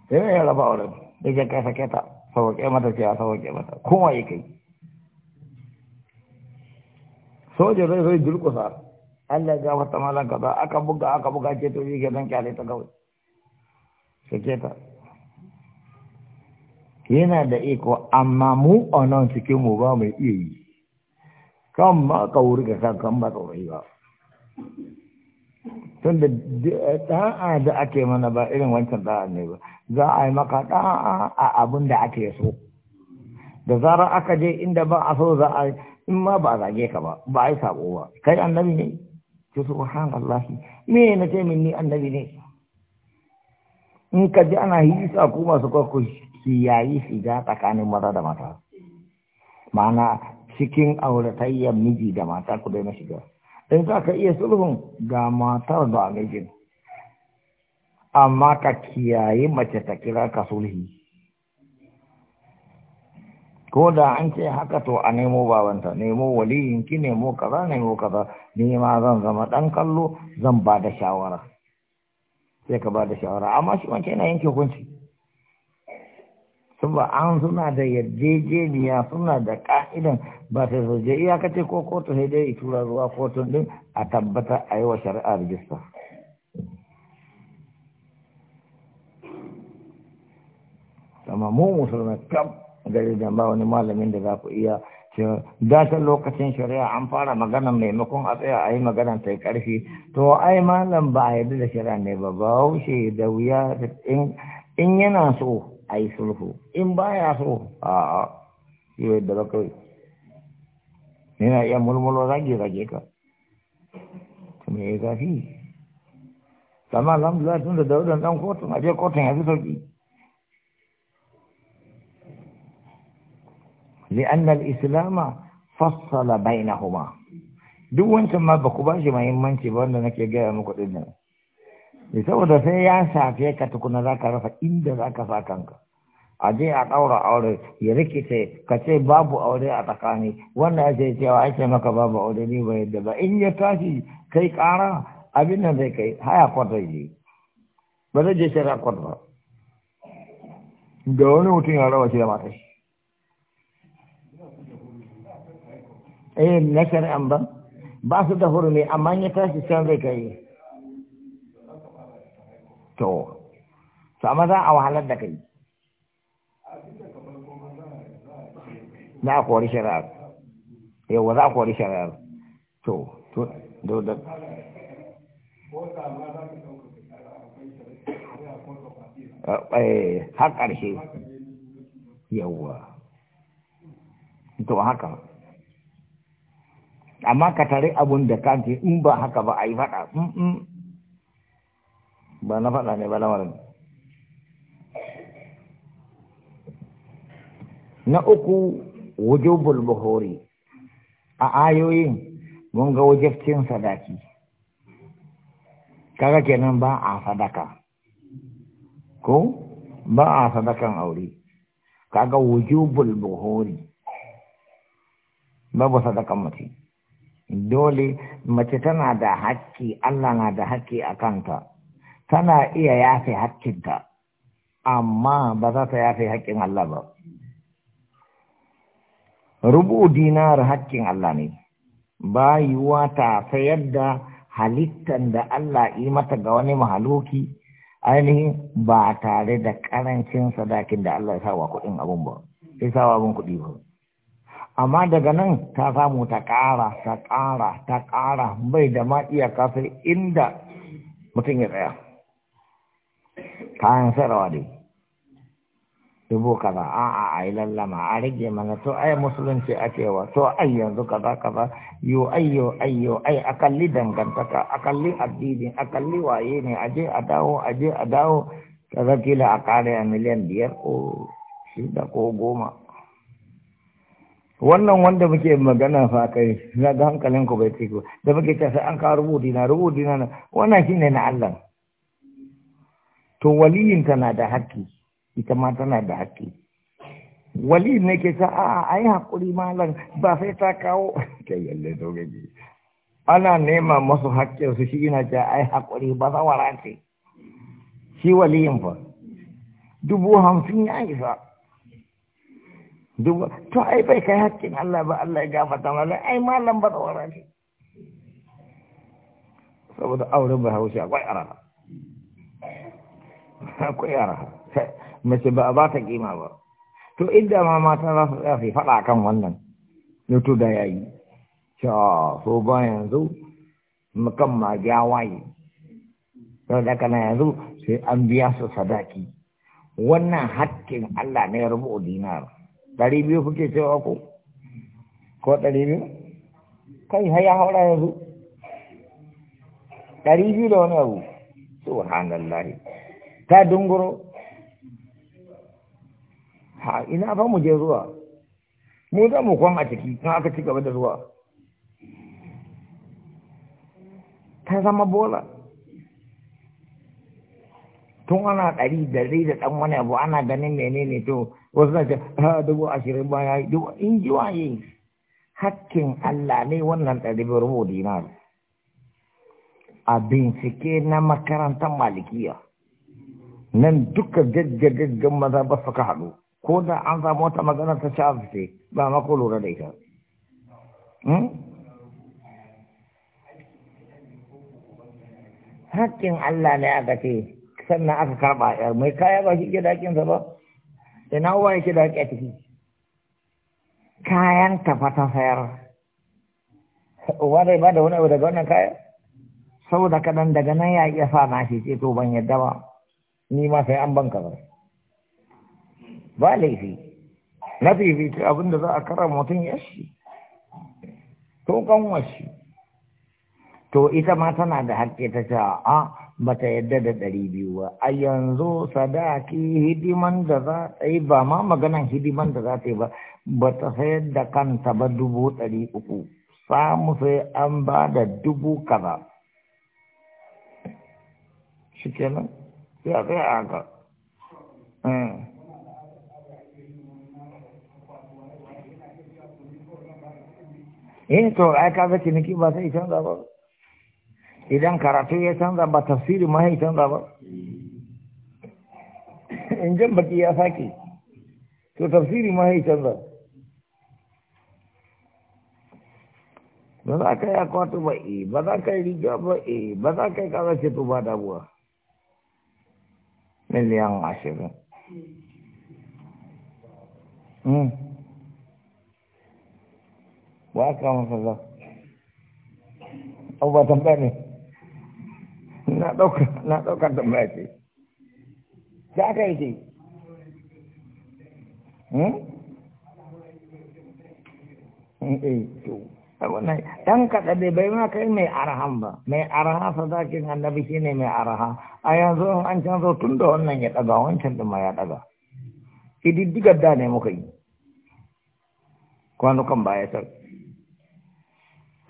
sai ya raba wurin da ke kai sake ta sauke mata ce a sauke mata kowa yake kai soja zai zai durkusa Allah ya gafarta malan kaza aka buga aka buga ke to yi ke dan kyale ta kawai ta yana da iko amma mu a cikin mu ba mai iya yi kan ma ka wurga kan kan ba tsorai ba tun da da'a da ake mana ba irin wancan da'a ne ba za a yi maka da'a a abin da ake so da zarar aka je inda ba a so za a in ma ba zage ka ba ba ai sabo ba kai annabi ne ki subhanallah me na ce min ni annabi ne in ka ji ana hisa ku masu kwakwa yayi shiga tsakanin maza da mata ma'ana cikin auratayyar miji da mata ku daina shiga in za ka iya sulhun ga matar da mijin amma ka kiyaye mace ta kira ka sulhi ko da an ce haka to a nemo babanta nemo waliyinki nemo kaza nemo kaza ni ma zan zama dan kallo zan ba da shawara sai ka ba da shawara amma shi wanke yana yanke hukunci saboda an suna da yarjejeniya suna da ka'idan ba sai su je iyaka ce ko kotu sai dai tura zuwa kotun din a tabbata a yi wa shari'a rijista amma mu musulmai gari da ba wani malamin da za ku iya data lokacin shari'a an fara magana maimakon a tsaya a yi magana ta yi to ai malam ba a yadda da shari'a ne ba ba wuce da wuya in yana so a yi sulhu in ya so a yi yadda ba kawai yana iya mulmulo zage zage ka me ya zafi amma alhamdulillah tun da daudan dan kotun a je kotun ya fi sauki لأن الإسلام فصل بينهما duk wancan ma ba ku ba shi mahimmanci ba wanda nake gaya muku ɗin nan saboda sai ya safe ka tukuna za ka rasa inda za ka sa kanka a je a ɗaura aure ya rikice ka ce babu aure a tsakani wanda ake cewa ake maka babu aure ni ba yadda ba in ya tashi kai ƙara abin nan zai kai haya kwata je ba zai je shari'a kwata ba da wani mutum ya rawa shi da matashi eh na shari'an ba ba su da hurumi amma ya tashi can zai kai to to amma za a wahalar da kai Na a kori shari'ar yawa za a kori shari'ar to to da eh, har ƙarshe yawa to haka amma ka tare abun da kake in ba haka ba a yi faɗa ba na faɗa ne ba lamarin na uku wujubul buhori a ayoyin mun ga cin sadaki kaga kenan ba a sadaka ko ba a sadakan aure kaga wujubul buhori babu sadakan mace dole mace tana da hakki Allah na da hakki a kanta tana iya yafe hakkinta amma ba za ta yafe hakkin Allah ba rubu dinar hakkin Allah ne ba yiwuwa ta sayar da halittan da Allah yi mata ga wani mahaluki ainihin ba tare da ƙarancin sadakin da Allah ya sawa kuɗin abun ba ya sawa abun kuɗi ba amma daga nan ta samu ta ƙara ta ƙara ta ƙara bai da ma iyaka sai inda mutum ya tsaya kayan sarawa dai dubu kaza a a a yi lallama a rage mana to ai musulunci a cewa to ai yanzu kaza kaza yo ai yo ai yo ai akalli dangantaka akalli addini akalli waye ne aje a dawo aje a dawo kaza kila a kare miliyan biyar ko shida ko goma wannan wanda muke magana fa kai na ga hankalin ku bai kai ku da muke ta sai an ka rubuti na rubuti na wannan shine na Allah to waliyin tana da haƙƙi ita ma tana da haƙƙi waliyin ne ke sa a ai hakuri malam ba sai ta kawo kai yalle to gaji ana nema masu haƙƙin su shi ina ta ai hakuri ba za warante shi waliyin fa dubu hamsin ya isa duk to ai bai kai haƙƙin Allah ba Allah ya gafarta mana ai malam ba tsora ne saboda auren ba haushi akwai araha akwai araha mace ba a ba ta kima ba to inda ma mata za su tsaya su faɗa kan wannan to da yayi cewa so ba yanzu mukan ma gyawaye da kana yanzu sai an biya su sadaki wannan haƙƙin Allah ne ya rubu dinar ɗari biyu kuke cewa ku ko ɗari biyu kai har ya haura yanzu ɗari biyu da wani abu subhanallah ta dunguro ha ina fa mu je zuwa mu za mu kwan a ciki kan aka ci gaba da zuwa ta zama bola tun ana ɗari da zai da ɗan wani abu ana ganin menene to wasu na ce dubu ashirin ba ya yi in ji waye hakkin Allah ne wannan ɗari biyar mu dinar a bincike na makarantar malikiya nan duka gaggagaggan maza ba ka haɗu ko da an samu wata magana ta shafi ce ba ma ko lura da ita hmm? hakkin Allah ne aka ce sannan aka karɓa yar mai kaya ba shi ke dakinsa ba ina uwa yake da haƙƙi a ciki kayan ta sayar uwa zai ba da wani abu daga wannan kayan saboda kaɗan daga nan ya iya sa na shi ce to ban yadda ba ni ma sai an ban ka ba ba laifi na fifita abin da za a kara mutum ya shi to kan washi to ita ma tana da haƙƙi ta ce a bata yadda da ɗari biyu ba a yanzu sadaki hidiman da za ta yi ba ma maganan hidiman da za ta yi ba bata sayar da kanta ba dubu ɗari uku samu sai an ba da dubu kaza shi kenan ya zai hmm. eh to ai ka ciniki ba sai canza ba idan karatu ya canza ba tafsirin ma ya canza ba in jan baki ya sake to tafsiri ma ya canza ba za ka yi akwatu ba e ba za ka yi rigya ba e ba za ka yi kaza ce to ba damuwa miliyan ashirin hmm. ba ka masa za abu ba tambaya ne na ɗaukar na ɗaukar da mai ce aka yi ce hmm? hmm, eh, wannan kaɗa dai bai ma kai mai arahan ba mai araha sadakin biki ne mai araha a yanzu an canza tun da wannan ya ɗaga wancan da ma ya ɗaga ƙididdigar da ne muka yi kwanukan ya sarki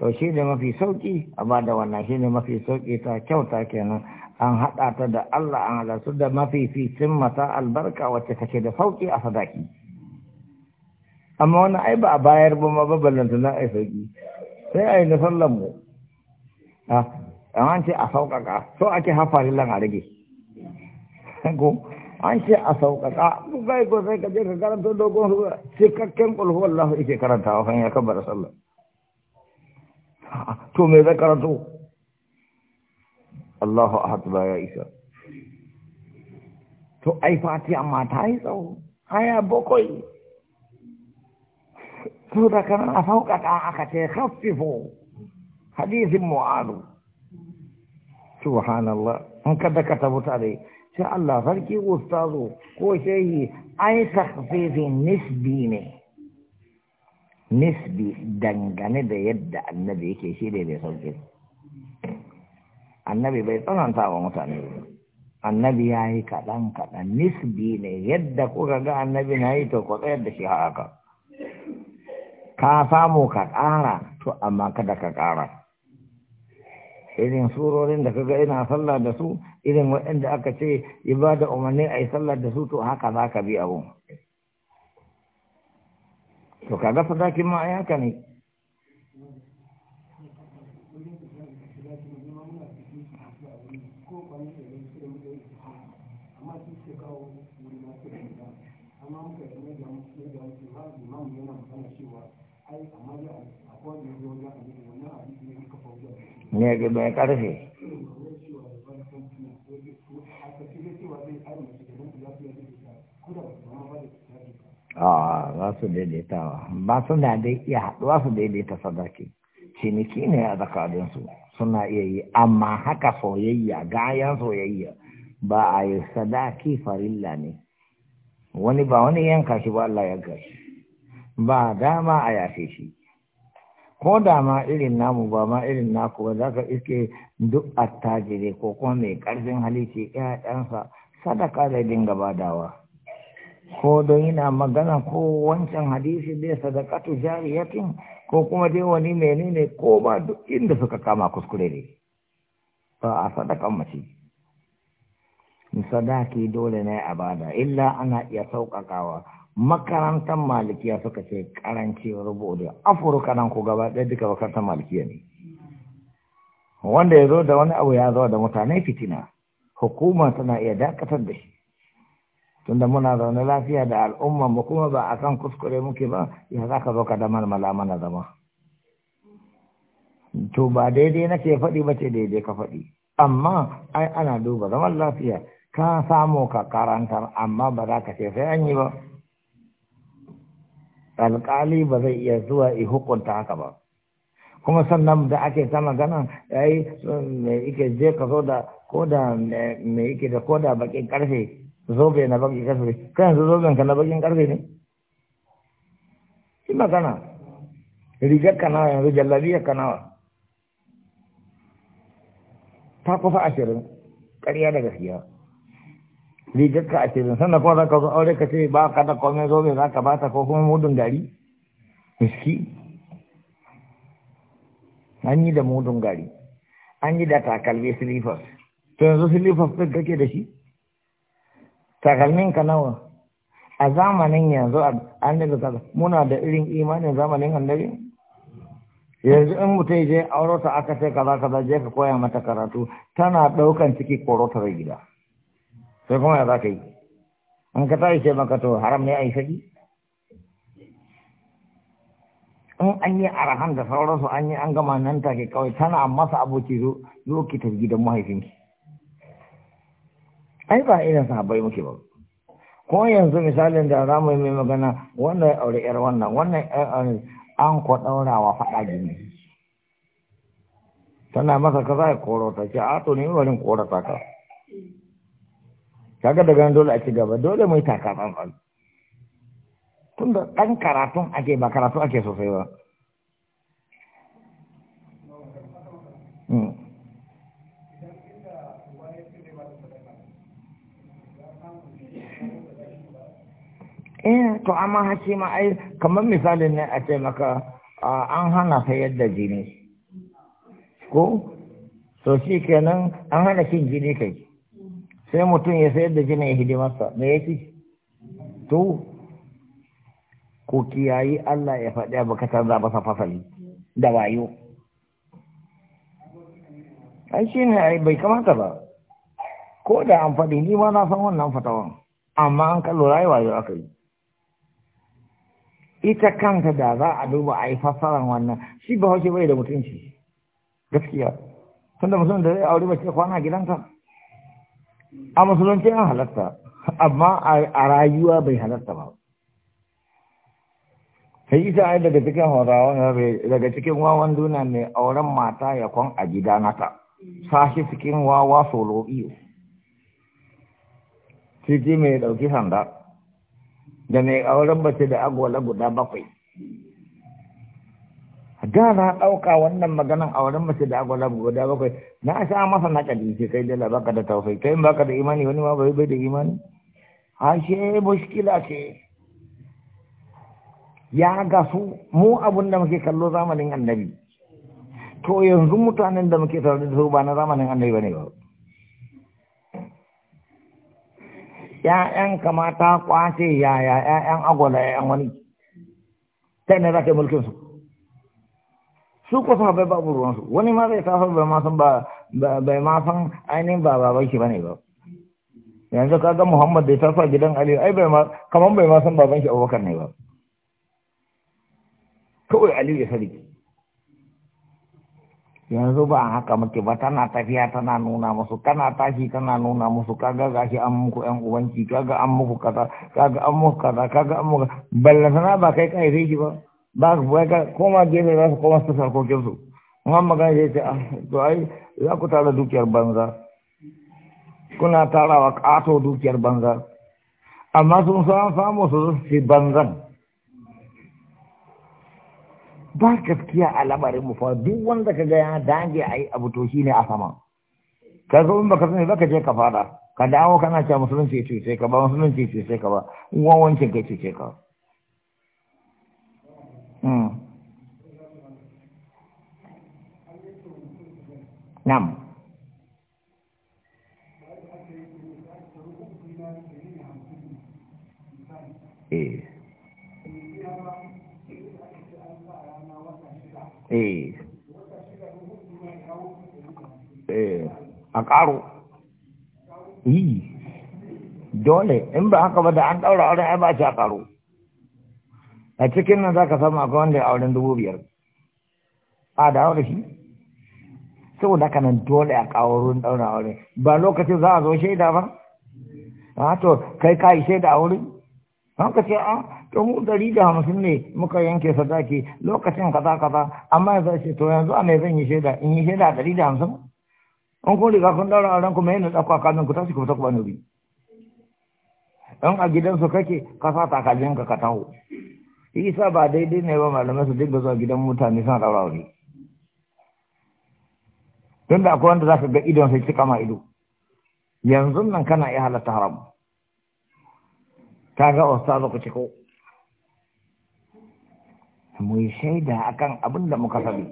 to shi ne mafi sauki a ba da wannan shi ne mafi sauki ta kyauta kenan an haɗa ta da Allah an haɗa su da mafificin mata albarka wacce take da sauki a sadaki amma wani ai ba a bayar ba ma babban na ai sauki sai a yi na sallan mu a ah, an ce a sauƙaƙa so ake hafa lillan a rage ko an ce a sauƙaƙa duk bai ko sai ka je ka karanta dogon cikakken kulhu wallahu ike karantawa kan ya kabbar sallah to me zai karanto Allahu ahad ba ya isa to ai fatiha ma ta yi tsawo haya bakwai to da kana a sauƙaƙa aka ce khaffifu hadisin mu'adu subhanallah in ka da ka tabuta dai sai Allah sarki ustazu ko shehi ai takfifin nisbi ne nisbi dangane da yadda annabi yake shi ne mai sauƙi annabi bai tsananta wa mutane annabi ya yi kaɗan kaɗan nisbi ne yadda kuka ga annabi na yi to tsayar da shi haka ka samu ka ƙara to amma kada ka ƙara irin surorin da kaga ina sallah da su irin waɗanda aka ce ibada umarni a yi sallah da su to haka za ka bi abu. to kaga sadakin ma ai haka ne ne ga mai karfe Ah, za su daidaitawa ba suna da iya haɗuwa su daidaita sadaki ciniki ne a tsakaninsu suna iya yi amma haka soyayya gayan soyayya ba a yi sadaki farilla ne wani ba wani yanka shi ba Allah yanka shi ba dama a yafe shi ko da ma irin namu ba ma irin naku ba za ka iske duk attajiri ko kuma mai ƙarfin halice ƴaƴansa sadaka zai dinga badawa ko don yana magana ko wancan hadisi ne sadakatu jariyatin ko kuma dai wani menene ko ba duk inda suka kama kuskure ne ba a sadakan mace sadaki dole ne a bada illa ana iya sauƙaƙawa makarantar malikiya suka ce karanci rubutu afirka nan ko gaba ɗaya duka makarantar malikiya ne wanda ya zo da wani abu ya zo da mutane fitina hukuma tana iya dakatar da shi tunda muna zaune lafiya da al'umma mu kuma ba a kan kuskure muke ba ya za ka zo ka damar malamana zama to ba daidai nake faɗi ba ce daidai ka faɗi amma ai ana duba zaman lafiya ka samu ka karanta amma ba za ka ce sai an yi ba alƙali ba zai iya zuwa i hukunta haka ba kuma sannan da ake ta magana yayi me yake je ka zo da ko da me yake da ko da bakin karfe zobe na baki karfe kan yanzu zoben ka na bakin karfe ne shi magana rigar ka nawa yanzu jallabiyar ka nawa ta kufa ashirin ƙarya da gaskiya rigar ka ashirin sannan kuma za ka zo aure ka ce ba ka da komai zobe za ka bata ko kuma mudun gari miski an yi da mudun gari an yi da takalmi silifas to yanzu silifas ɗin kake da shi takalmin ka nawa a zamanin yanzu annabi kaza muna da irin imanin zamanin annabi yanzu in mutum je auro ta aka sai kaza kaza je ka koya mata karatu tana daukan ciki korotar gida sai kuma ya za ka yi an ka tashi ce maka to haram ne a yi in an yi arahan da sauransu an yi an gama nan take kawai tana masa aboki zo zo ki tafi gidan mahaifinki ai ba irin sahabbai muke ba ko yanzu misalin da za mu yi magana wannan ya aure yar wannan wannan aure an ko wa faɗa gini tana masa ka za a korota ce a to ne warin korota ka kaga daga dole a ci gaba dole mai taka tsantsan tunda ɗan karatun ake ba karatu ake sosai ba eh to amma hace ma ai kamar misalin ne a ce maka an hana sayar da jini ko to shi kenan an hana kin jini kai sai mutum ya sayar da jini ya masa. me ya ci? to ku kiyayi Allah ya faɗi abu ka canza masa fasali da wayo ai shi ne bai kamata ba ko da an faɗi ni ma na san wannan fatawan amma an kallo rayuwa yau aka yi ita kanta da za a duba a yi fassarar wannan shi ba hauke bai da mutunci gaskiya da musulun da zai aure ce kwana gidanka a musulunci an halatta amma a rayuwa bai halatta ba sai isa ai daga cikin horawan daga cikin wawan duna mai auren mata ya kwan a gida nata sashi cikin wawa solo iyo sai mai dauki sanda da mai auren mace da agwala guda bakwai da na ɗauka wannan maganan auren mace da agwala guda bakwai na sha masa na kadinci kai da baka da tausayi kai baka da imani wani ma bai bai da imani she mushkila ce ya gasu mu abun da muke kallo zamanin annabi to yanzu mutanen da muke tare da su ba na zamanin annabi bane ba ‘ya’yanka kamata kwace yaya ‘ya'yan agwala ‘ya'yan wani, ta ne za ka mulkin su. Su ko sa bai babu ruwansu, wani ma zai taso bai ma san bai ma san ainihin ba baban shi ne ba. Yanzu ka ga Muhammad bai tafa gidan Aliyu, ai bai ma, kamar bai ma san baban shi Abubakar ne ba. Kawai Aliyu ya sani. yanzu ba haka muke ba tana tafiya tana nuna musu kana tashi tana nuna musu kaga gashi an muku yan uwanci kaga an muku kaza kaga an muku kaza kaga an muku ballasana ba kai kai sai shi ba ba ku ka koma gefe za su koma su sarkokin su in an magana zai ce a to ai za ku tara dukiyar banza kuna tarawa to dukiyar banza amma sun samu su banzan ba gaskiya a labarin mu fa duk wanda kaga ya dage a yi abu to shine a sama ka zo in baka sani baka je ka fara ka dawo kana cewa musulunci ce cuce ka ba musulunci ce ce ka ba uwan wancan kai ce ka hmm. Nam. Eh. Eh. Eh. a ƙaro yi dole in ba haka ba da an ɗaura auren ai ba shi a ƙaro a cikin nan za ka samu akwai wanda ya auren dubu biyar a da aure shi saboda haka nan dole a ruwan ɗaura auren ba lokacin za a zo shaida ba a to kai ka shaida a wurin haka ce a ah, to mu dari da hamsin ne muka yanke sadaki lokacin kaza kaza amma yanzu ce to yanzu a zan yi shaida in yi shaida dari da hamsin an kun riga kun daura ran kuma yana ɗauka kanin ku tashi ku ta ku bani wuri don a gidansu kake ka sa ta ka ka taho isa ba daidai ne ba malamai su dinga zuwa gidan mutane suna daura aure tunda akwai wanda za ka ga idon sai cika ma ido yanzu nan kana iya halatta haram ka ga wasu ku ciko mu yi shaida akan abin da muka sani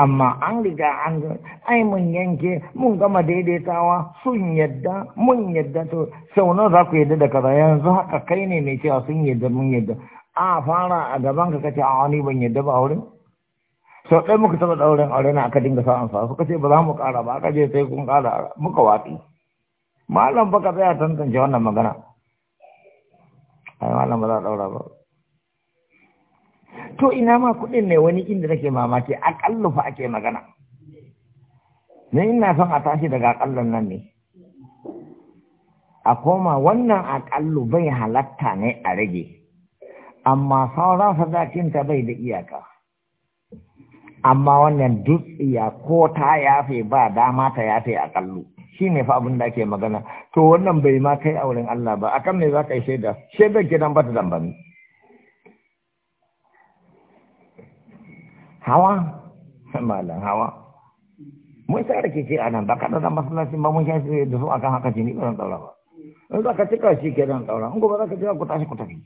amma an riga an ai mun yanke mun gama daidaitawa sun yadda mun yadda to sau nawa za ku yadda da kaza yanzu haka kai ne mai cewa sun yadda mun yadda a fara a gaban ka kace a wani ban yadda ba wurin sau ɗaya muka taɓa ɗaurin aure na aka dinga sa'an sa suka ce ba za mu ƙara ba aka je sai kun ƙara muka watsi malam baka tsaya tantance wannan magana ai malam ba za a ɗaura ba to ina ma kuɗin ne wani inda nake mamaki aƙalla fa ake magana ne ina son a tashi daga ƙallon nan ne a koma wannan aƙallu bai halatta ne a rage amma sauran sadakinta bai da iyaka amma wannan iya ko ta yafe ba dama ta yafe aƙallu shi ne fa abin da ake magana to wannan bai ma kai a wurin Allah ba akan me za ka yi shaida shaidar gidan ba ta zambani hawa malam hawa mun sa rikici a nan ba kada da masallaci ba da su akan haka ce ni ba zan za ka cika shi ke zan daura in gobe za ka cika ku tashi ku tafi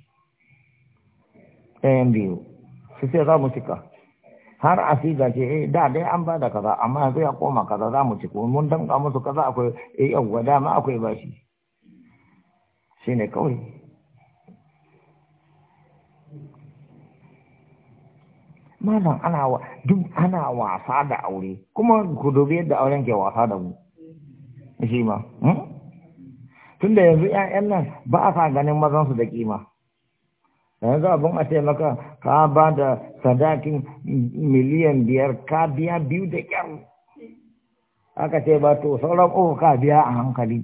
ɗayan biyu za mu har a siga eh an kaza amma ya koma kaza za dama malam ana wa duk ana wasa da aure kuma ku da yadda auren ke wasa da mu shi ma hmm? tunda yanzu ƴaƴan nan ba a sa ganin mazan su da kima yanzu abin a ce maka ka ba da sadakin miliyan biyar ka biya biyu da kyau aka ce ba to sauran uku ka biya a hankali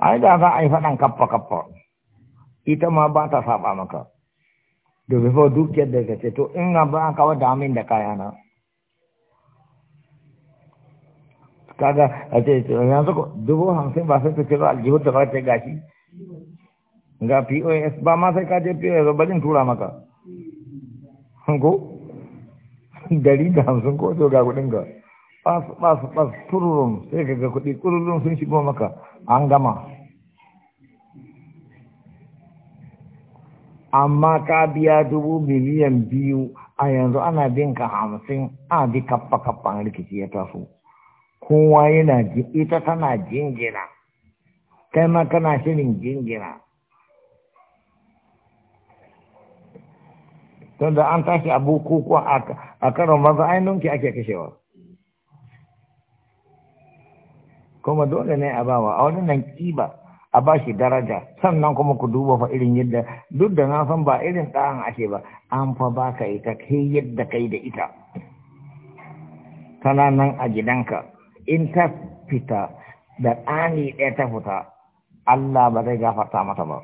ai da za a yi faɗan kappa kappa ita ma ba ta saba maka domin fa dukiyar da ka ce to in ba an kawo da amin da kayana kaga a ce yanzu ko dubu hamsin ba sai ta ce ba aljihu ta ba ta gashi ga pos ba ma sai ka je pos ba zan tura maka ko dari da hamsin ko to ga kudin ka bas bas bas tururum sai ka ga kudi kururum sun shigo maka an gama amma ka biya dubu miliyan biyu a yanzu ana bin ka hamsin a bi kappa kappan rikici ya taso kowa yana ji ita tana jingina kai ma kana shirin jingina tunda an tashi a bukukuwa a karon maza ainihinki ake kashewa kuma dole ne a bawa a wani nan kiba a ba shi daraja sannan kuma ku duba fa irin yadda duk da na san ba irin ɗan ake ba an fa ba ka ita kai yadda kai da ita tana nan a gidanka in ta fita da ɗani ɗaya ta fita Allah ba zai gafarta mata ba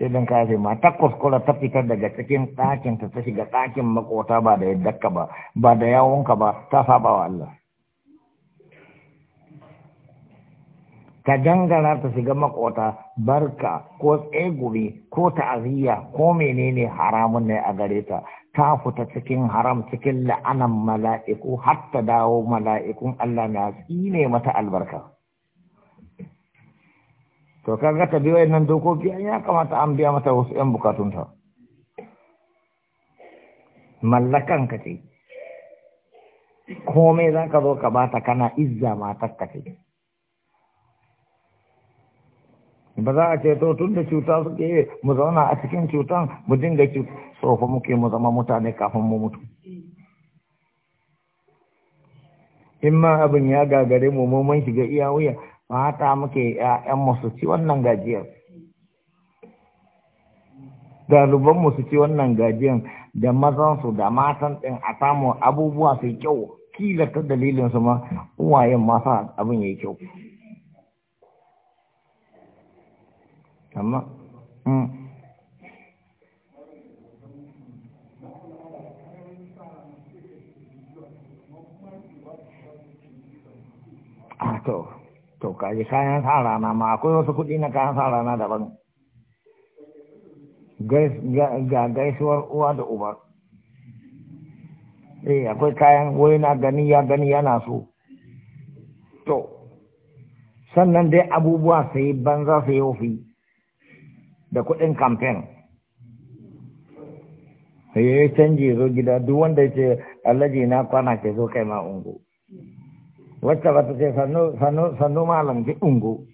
sai don ka yafe ma ta kuskura ta fita daga cikin ɗakin ta ta shiga ɗakin makota ba da yadda ka ba ba da yawonka ba ta saba wa Allah ka dangana ta shiga makota barka ko tsegumi ko ta'aziyya ko menene haramun ne a gare ta ta fita cikin haram cikin la'anan mala'iku hatta dawo mala'ikun Allah na tsine mata albarka to kaga ta biyo nan dokoki ya kamata an biya mata wasu 'yan bukatunta mallakan ka ce komai za ka zo ka bata kana izza matar ka ce ba za a ce to tun da cuta suke mu zauna a cikin cutan mu dinga ki tsofa muke mu zama mutane kafin mu mutu in ma abin ya gagare mu mu mun shiga iya wuya mata muke ƴaƴan mu su ci wannan gajiyar ɗaliban mu su ci wannan gajiyar da mazan su da matan ɗin a samu abubuwa su kyau kila ta dalilin su ma uwayen ma sa abin yayi kyau amma hmm. a ah, to to kaji kayan sa rana ma akwai wasu kuɗi na kayan sa rana daban ga gaisuwar uwa da uba eh akwai kayan wai na gani ya gani yana so to sannan dai abubuwa sai banza sai yofi da kuɗin kamfen Ya ya canji zo gida duk wanda ce alaji na kwana ke zo kai ma ungo wacce ba ta ce sannu malam ji ungo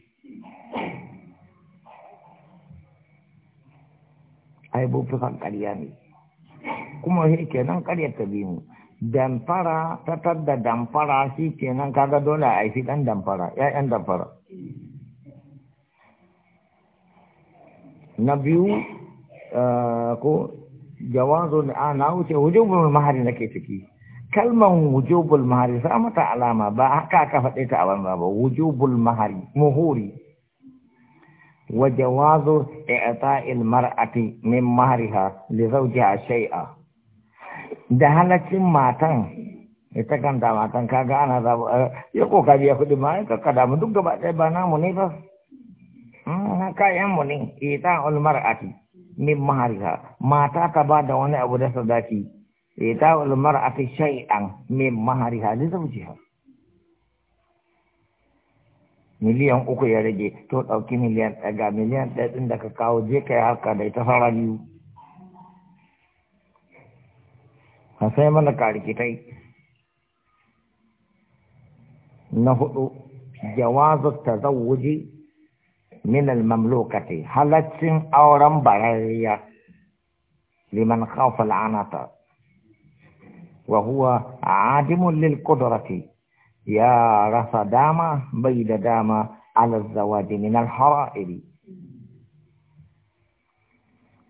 ai san ƙarya ne kuma shi kenan ƙarya ta bi mu damfara ta da damfara shi kenan kaga dole a yi haifi ɗan damfara 'ya'yan damfara na biyu eh, ko Jawazo a na wuce wujubul mahari nake ciki kalman wujubul mahari sa mata alama ba haka aka faɗe ta a banza ba wujubul mahari muhuri wa jawazu i'ta'il mar'ati min mahriha li zawjiha shay'a da halaccin matan ita da matan kaga ana eh, ya kokari ya kudi ma ka kada mu duk gaba ɗaya ba namu ne ba kayanmu ne ita ulmar'ati min mahariha mata ta ba da wani abu da sadaki ita ulmar'ati syai'an. min mahariha da zaujiha miliyan uku ya rage to ɗauki miliyan ɗaga miliyan ɗaya ɗin da ka kawo je ka harka da ita fara biyu Ka sai mana karikitai na hudu jawazu tazawuji من المملوكة حلت أورا برية لمن خاف العنات وهو عادم للقدرة يا رث داما بيد داما على الزواج من الحرائر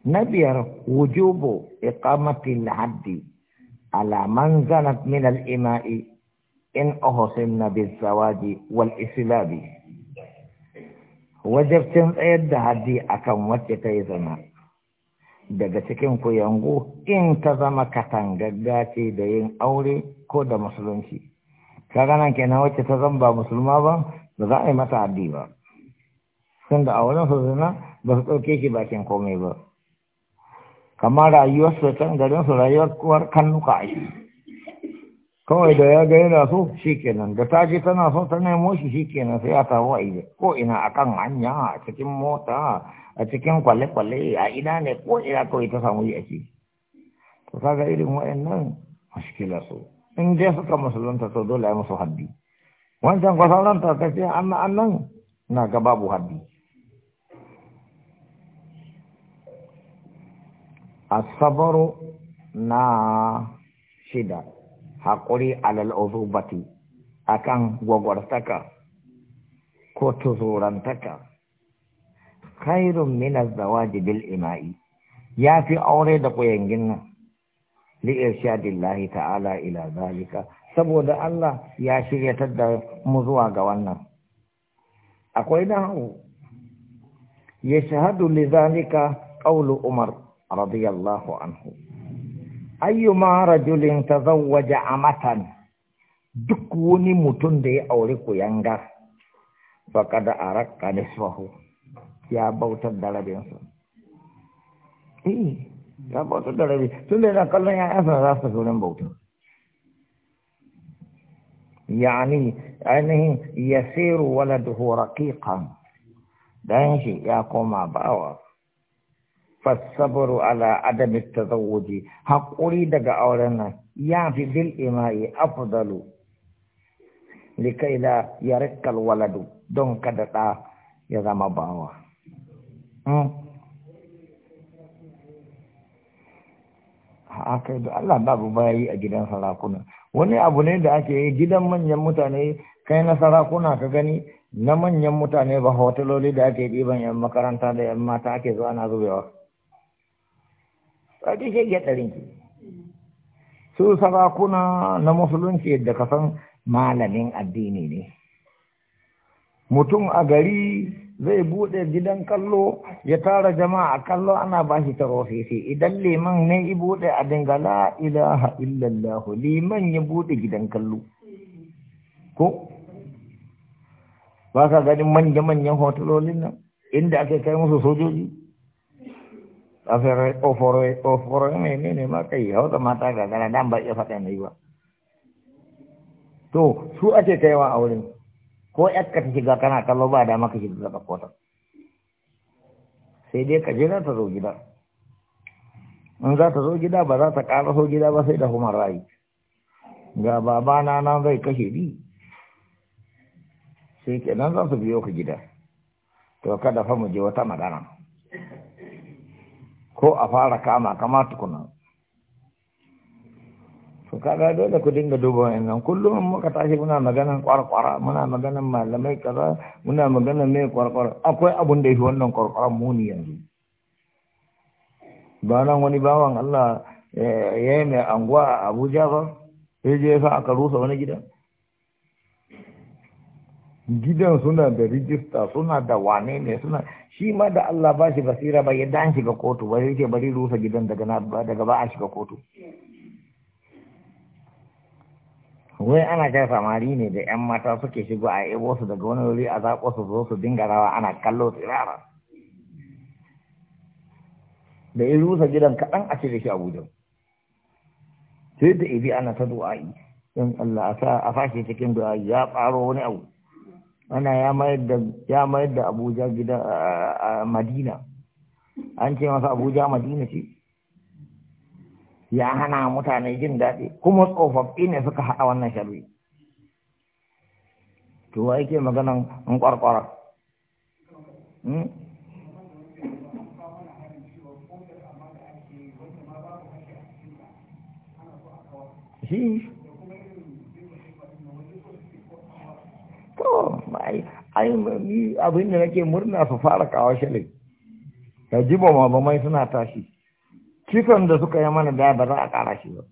نبير وجوب إقامة العبد على من زنت من الإماء إن أهصن بالزواج والإسلام wajabcin tsayar da haddi akan wacce ta yi zama daga cikin ku in ta zama katangagga ce da yin aure ko da musulunci kaga nan kenan wacce ta zama ba musulma ba ba za a yi mata haddi ba sun da auren su zina ba su ɗauke shi bakin komai ba kamar rayuwar su can garin su rayuwar kannuka a shi kawai da ya ga da so shi kenan da ta je tana so ta nemo shi shi kenan sai ya samu a iya ko ina a kan hanya a cikin mota a cikin kwale-kwale a ina ne ko ina kawai ta samu yi a ci to kaga irin wa'annan mashkila su in dai suka musulunta to dole a musu haddi wancan kwasan ta ce an nan na ga babu haddi asabaru na shida haƙuri alal uzubati akan gwagwartaka ko tuzurantaka khairun min az-zawaji bil ima'i yafi aure da koyangin nan li irshadillahi ta'ala ila zalika saboda Allah ya shiryatar da mu zuwa ga wannan akwai nahu yashhadu li zalika qawlu umar radiyallahu anhu ayyuma rajulin tazawwaja amatan duk wani mutum da ya aure kuyanga faqad araka nisfahu ya bautar da rabinsa eh ya bautar da rabi tun da yana kallon ya'yansa za su zo nan bautar yani ainihin yasiru waladuhu raqiqan dan shi ya koma bawa fasabaru ala adami tazawuji haƙuri daga auren nan ya fi bil ima'i afdalu likaila ya rikkal waladu don kada ɗa ya zama bawa haka da Allah babu bayi a gidan sarakuna wani abu ne da ake yi gidan manyan mutane kai na sarakuna ka gani na manyan mutane ba hoteloli da ake ɗiban yan makaranta da yan mata ake zuwa na zubewa kaji shi ya ki su sarakuna na musulunci da kasan malamin addini ne mutum a gari zai buɗe gidan kallo ya tara jama'a kallo ana bashi shi tarofisi idan liman ne i buɗe a dinga la ilaha illallah liman ya buɗe gidan kallo ko ba ka ganin manya-manyan hotelolin nan inda ake kai musu sojoji kafin ofore ofore oh, oh, ne ne ne ma kai hau da mata ga gara dan ba iya faɗa na yi ba to su ake kaiwa a wurin ko yakka ta shiga kana kallo ba da maka shiga gaba kota sai dai ka jira ta zo gida in za ta zo gida ba za ta ƙara so gida ba sai da kuma rayu ga babana nan zai kashe bi sai kenan za su biyo ka gida to kada fa mu je wata magana ko a fara kama kama tukuna su kaga dole ku dinga duba wannan kullum muka tashi muna maganan kwarkwara muna maganan malamai kaza muna maganan mai kwarkwara akwai abun da yafi wannan kwarkwara muni yanzu ba nan wani bawan Allah eh, ya yi mai anguwa a Abuja ba sai je ya sa aka rusa wani gidan gidan suna da rijista suna da wane ne suna shi ma da Allah ba shi basira ba yadda an shiga kotu ba yake bari rusa gidan daga daga ba a shiga kotu wai ana kai samari ne da yan mata suke shigo a ebo su daga wani wuri a zaƙo su zo su dinga rawa ana kallo tsirara da ya rusa gidan kaɗan a cire shi abuja sai da ibi ana ta du'a'i in Allah a sa a fashe cikin du'a'i ya ɓaro wani abu ana ya mayar da ya mayar da Abuja gida a Madina an ce masa Abuja Madina ce ya hana mutane jin daɗi kuma tsofaffi ne suka haɗa wannan sharri to wa yake maganan an kwarkwara hmm? shi to mai ai mi abin da nake murna su fara kawo shale ka ji ba mai suna tashi kifan da suka yi mana da ba za a kara shi ba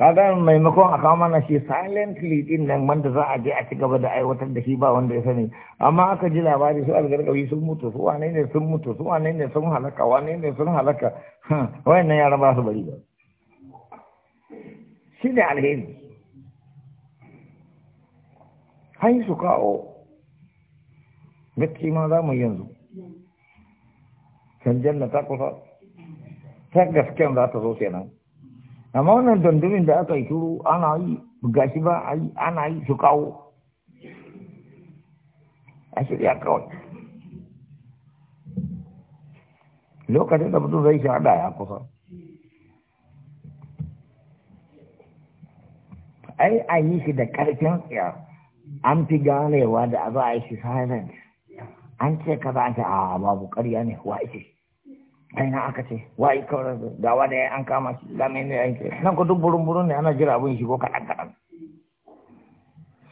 kaga maimakon a kawo mana shi silently din nan wanda za a je a ci gaba da aiwatar da shi ba wanda ya sani amma aka ji labari su algargawi sun mutu su wane ne sun mutu su wane ne sun halaka wane ne sun halaka wayannan yaran ba su bari ba shi ne alheri hai su kawo bacci ma za mu yanzu can janna ta kusa ta gasken za ta zo kenan amma wannan dandamin da aka yi turu ana yi gashi ba a yi ana yi su kawo a shirya kawai lokacin da mutum zai shaɗa ya kusa ai a yi shi da ƙarfin tsiya an fi ganewa da abu a shi silent an ce ka ba ta a babu ƙarya ne wa ake aina aka ce wa yi kawar da wani an kama shi lamai ne an nan ku duk burin burin ne ana jira abin shigo kaɗan kaɗan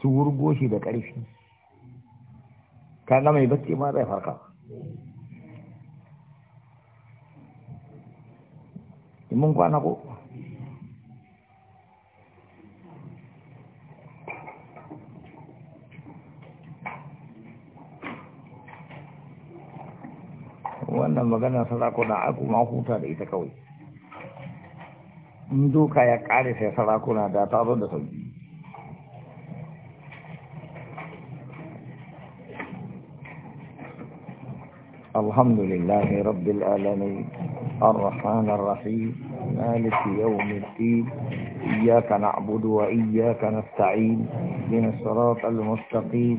su wurgo shi da ƙarfi ka ga mai bacci ma zai farka mun kwana ko wannan magana sarakuna aku ma huta da ita kawai in duka ya kare sai sarakuna da ta zo da sauki الحمد لله رب العالمين الرحمن الرحيم مالك يوم الدين إياك نعبد وإياك نستعين من الصراط المستقيم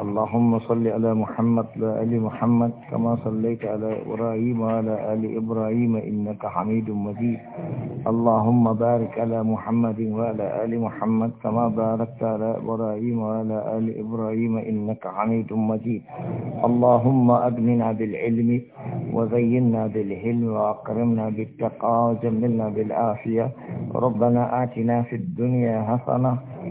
اللهم صل على محمد وعلى محمد كما صليت على إبراهيم وعلى آل إبراهيم إنك حميد مجيد اللهم بارك على محمد وعلى آل محمد كما باركت على إبراهيم وعلى آل إبراهيم إنك حميد مجيد اللهم أغننا بالعلم وزينا بالهلم وأكرمنا بالتقى وجملنا بالعافية ربنا آتنا في الدنيا حسنة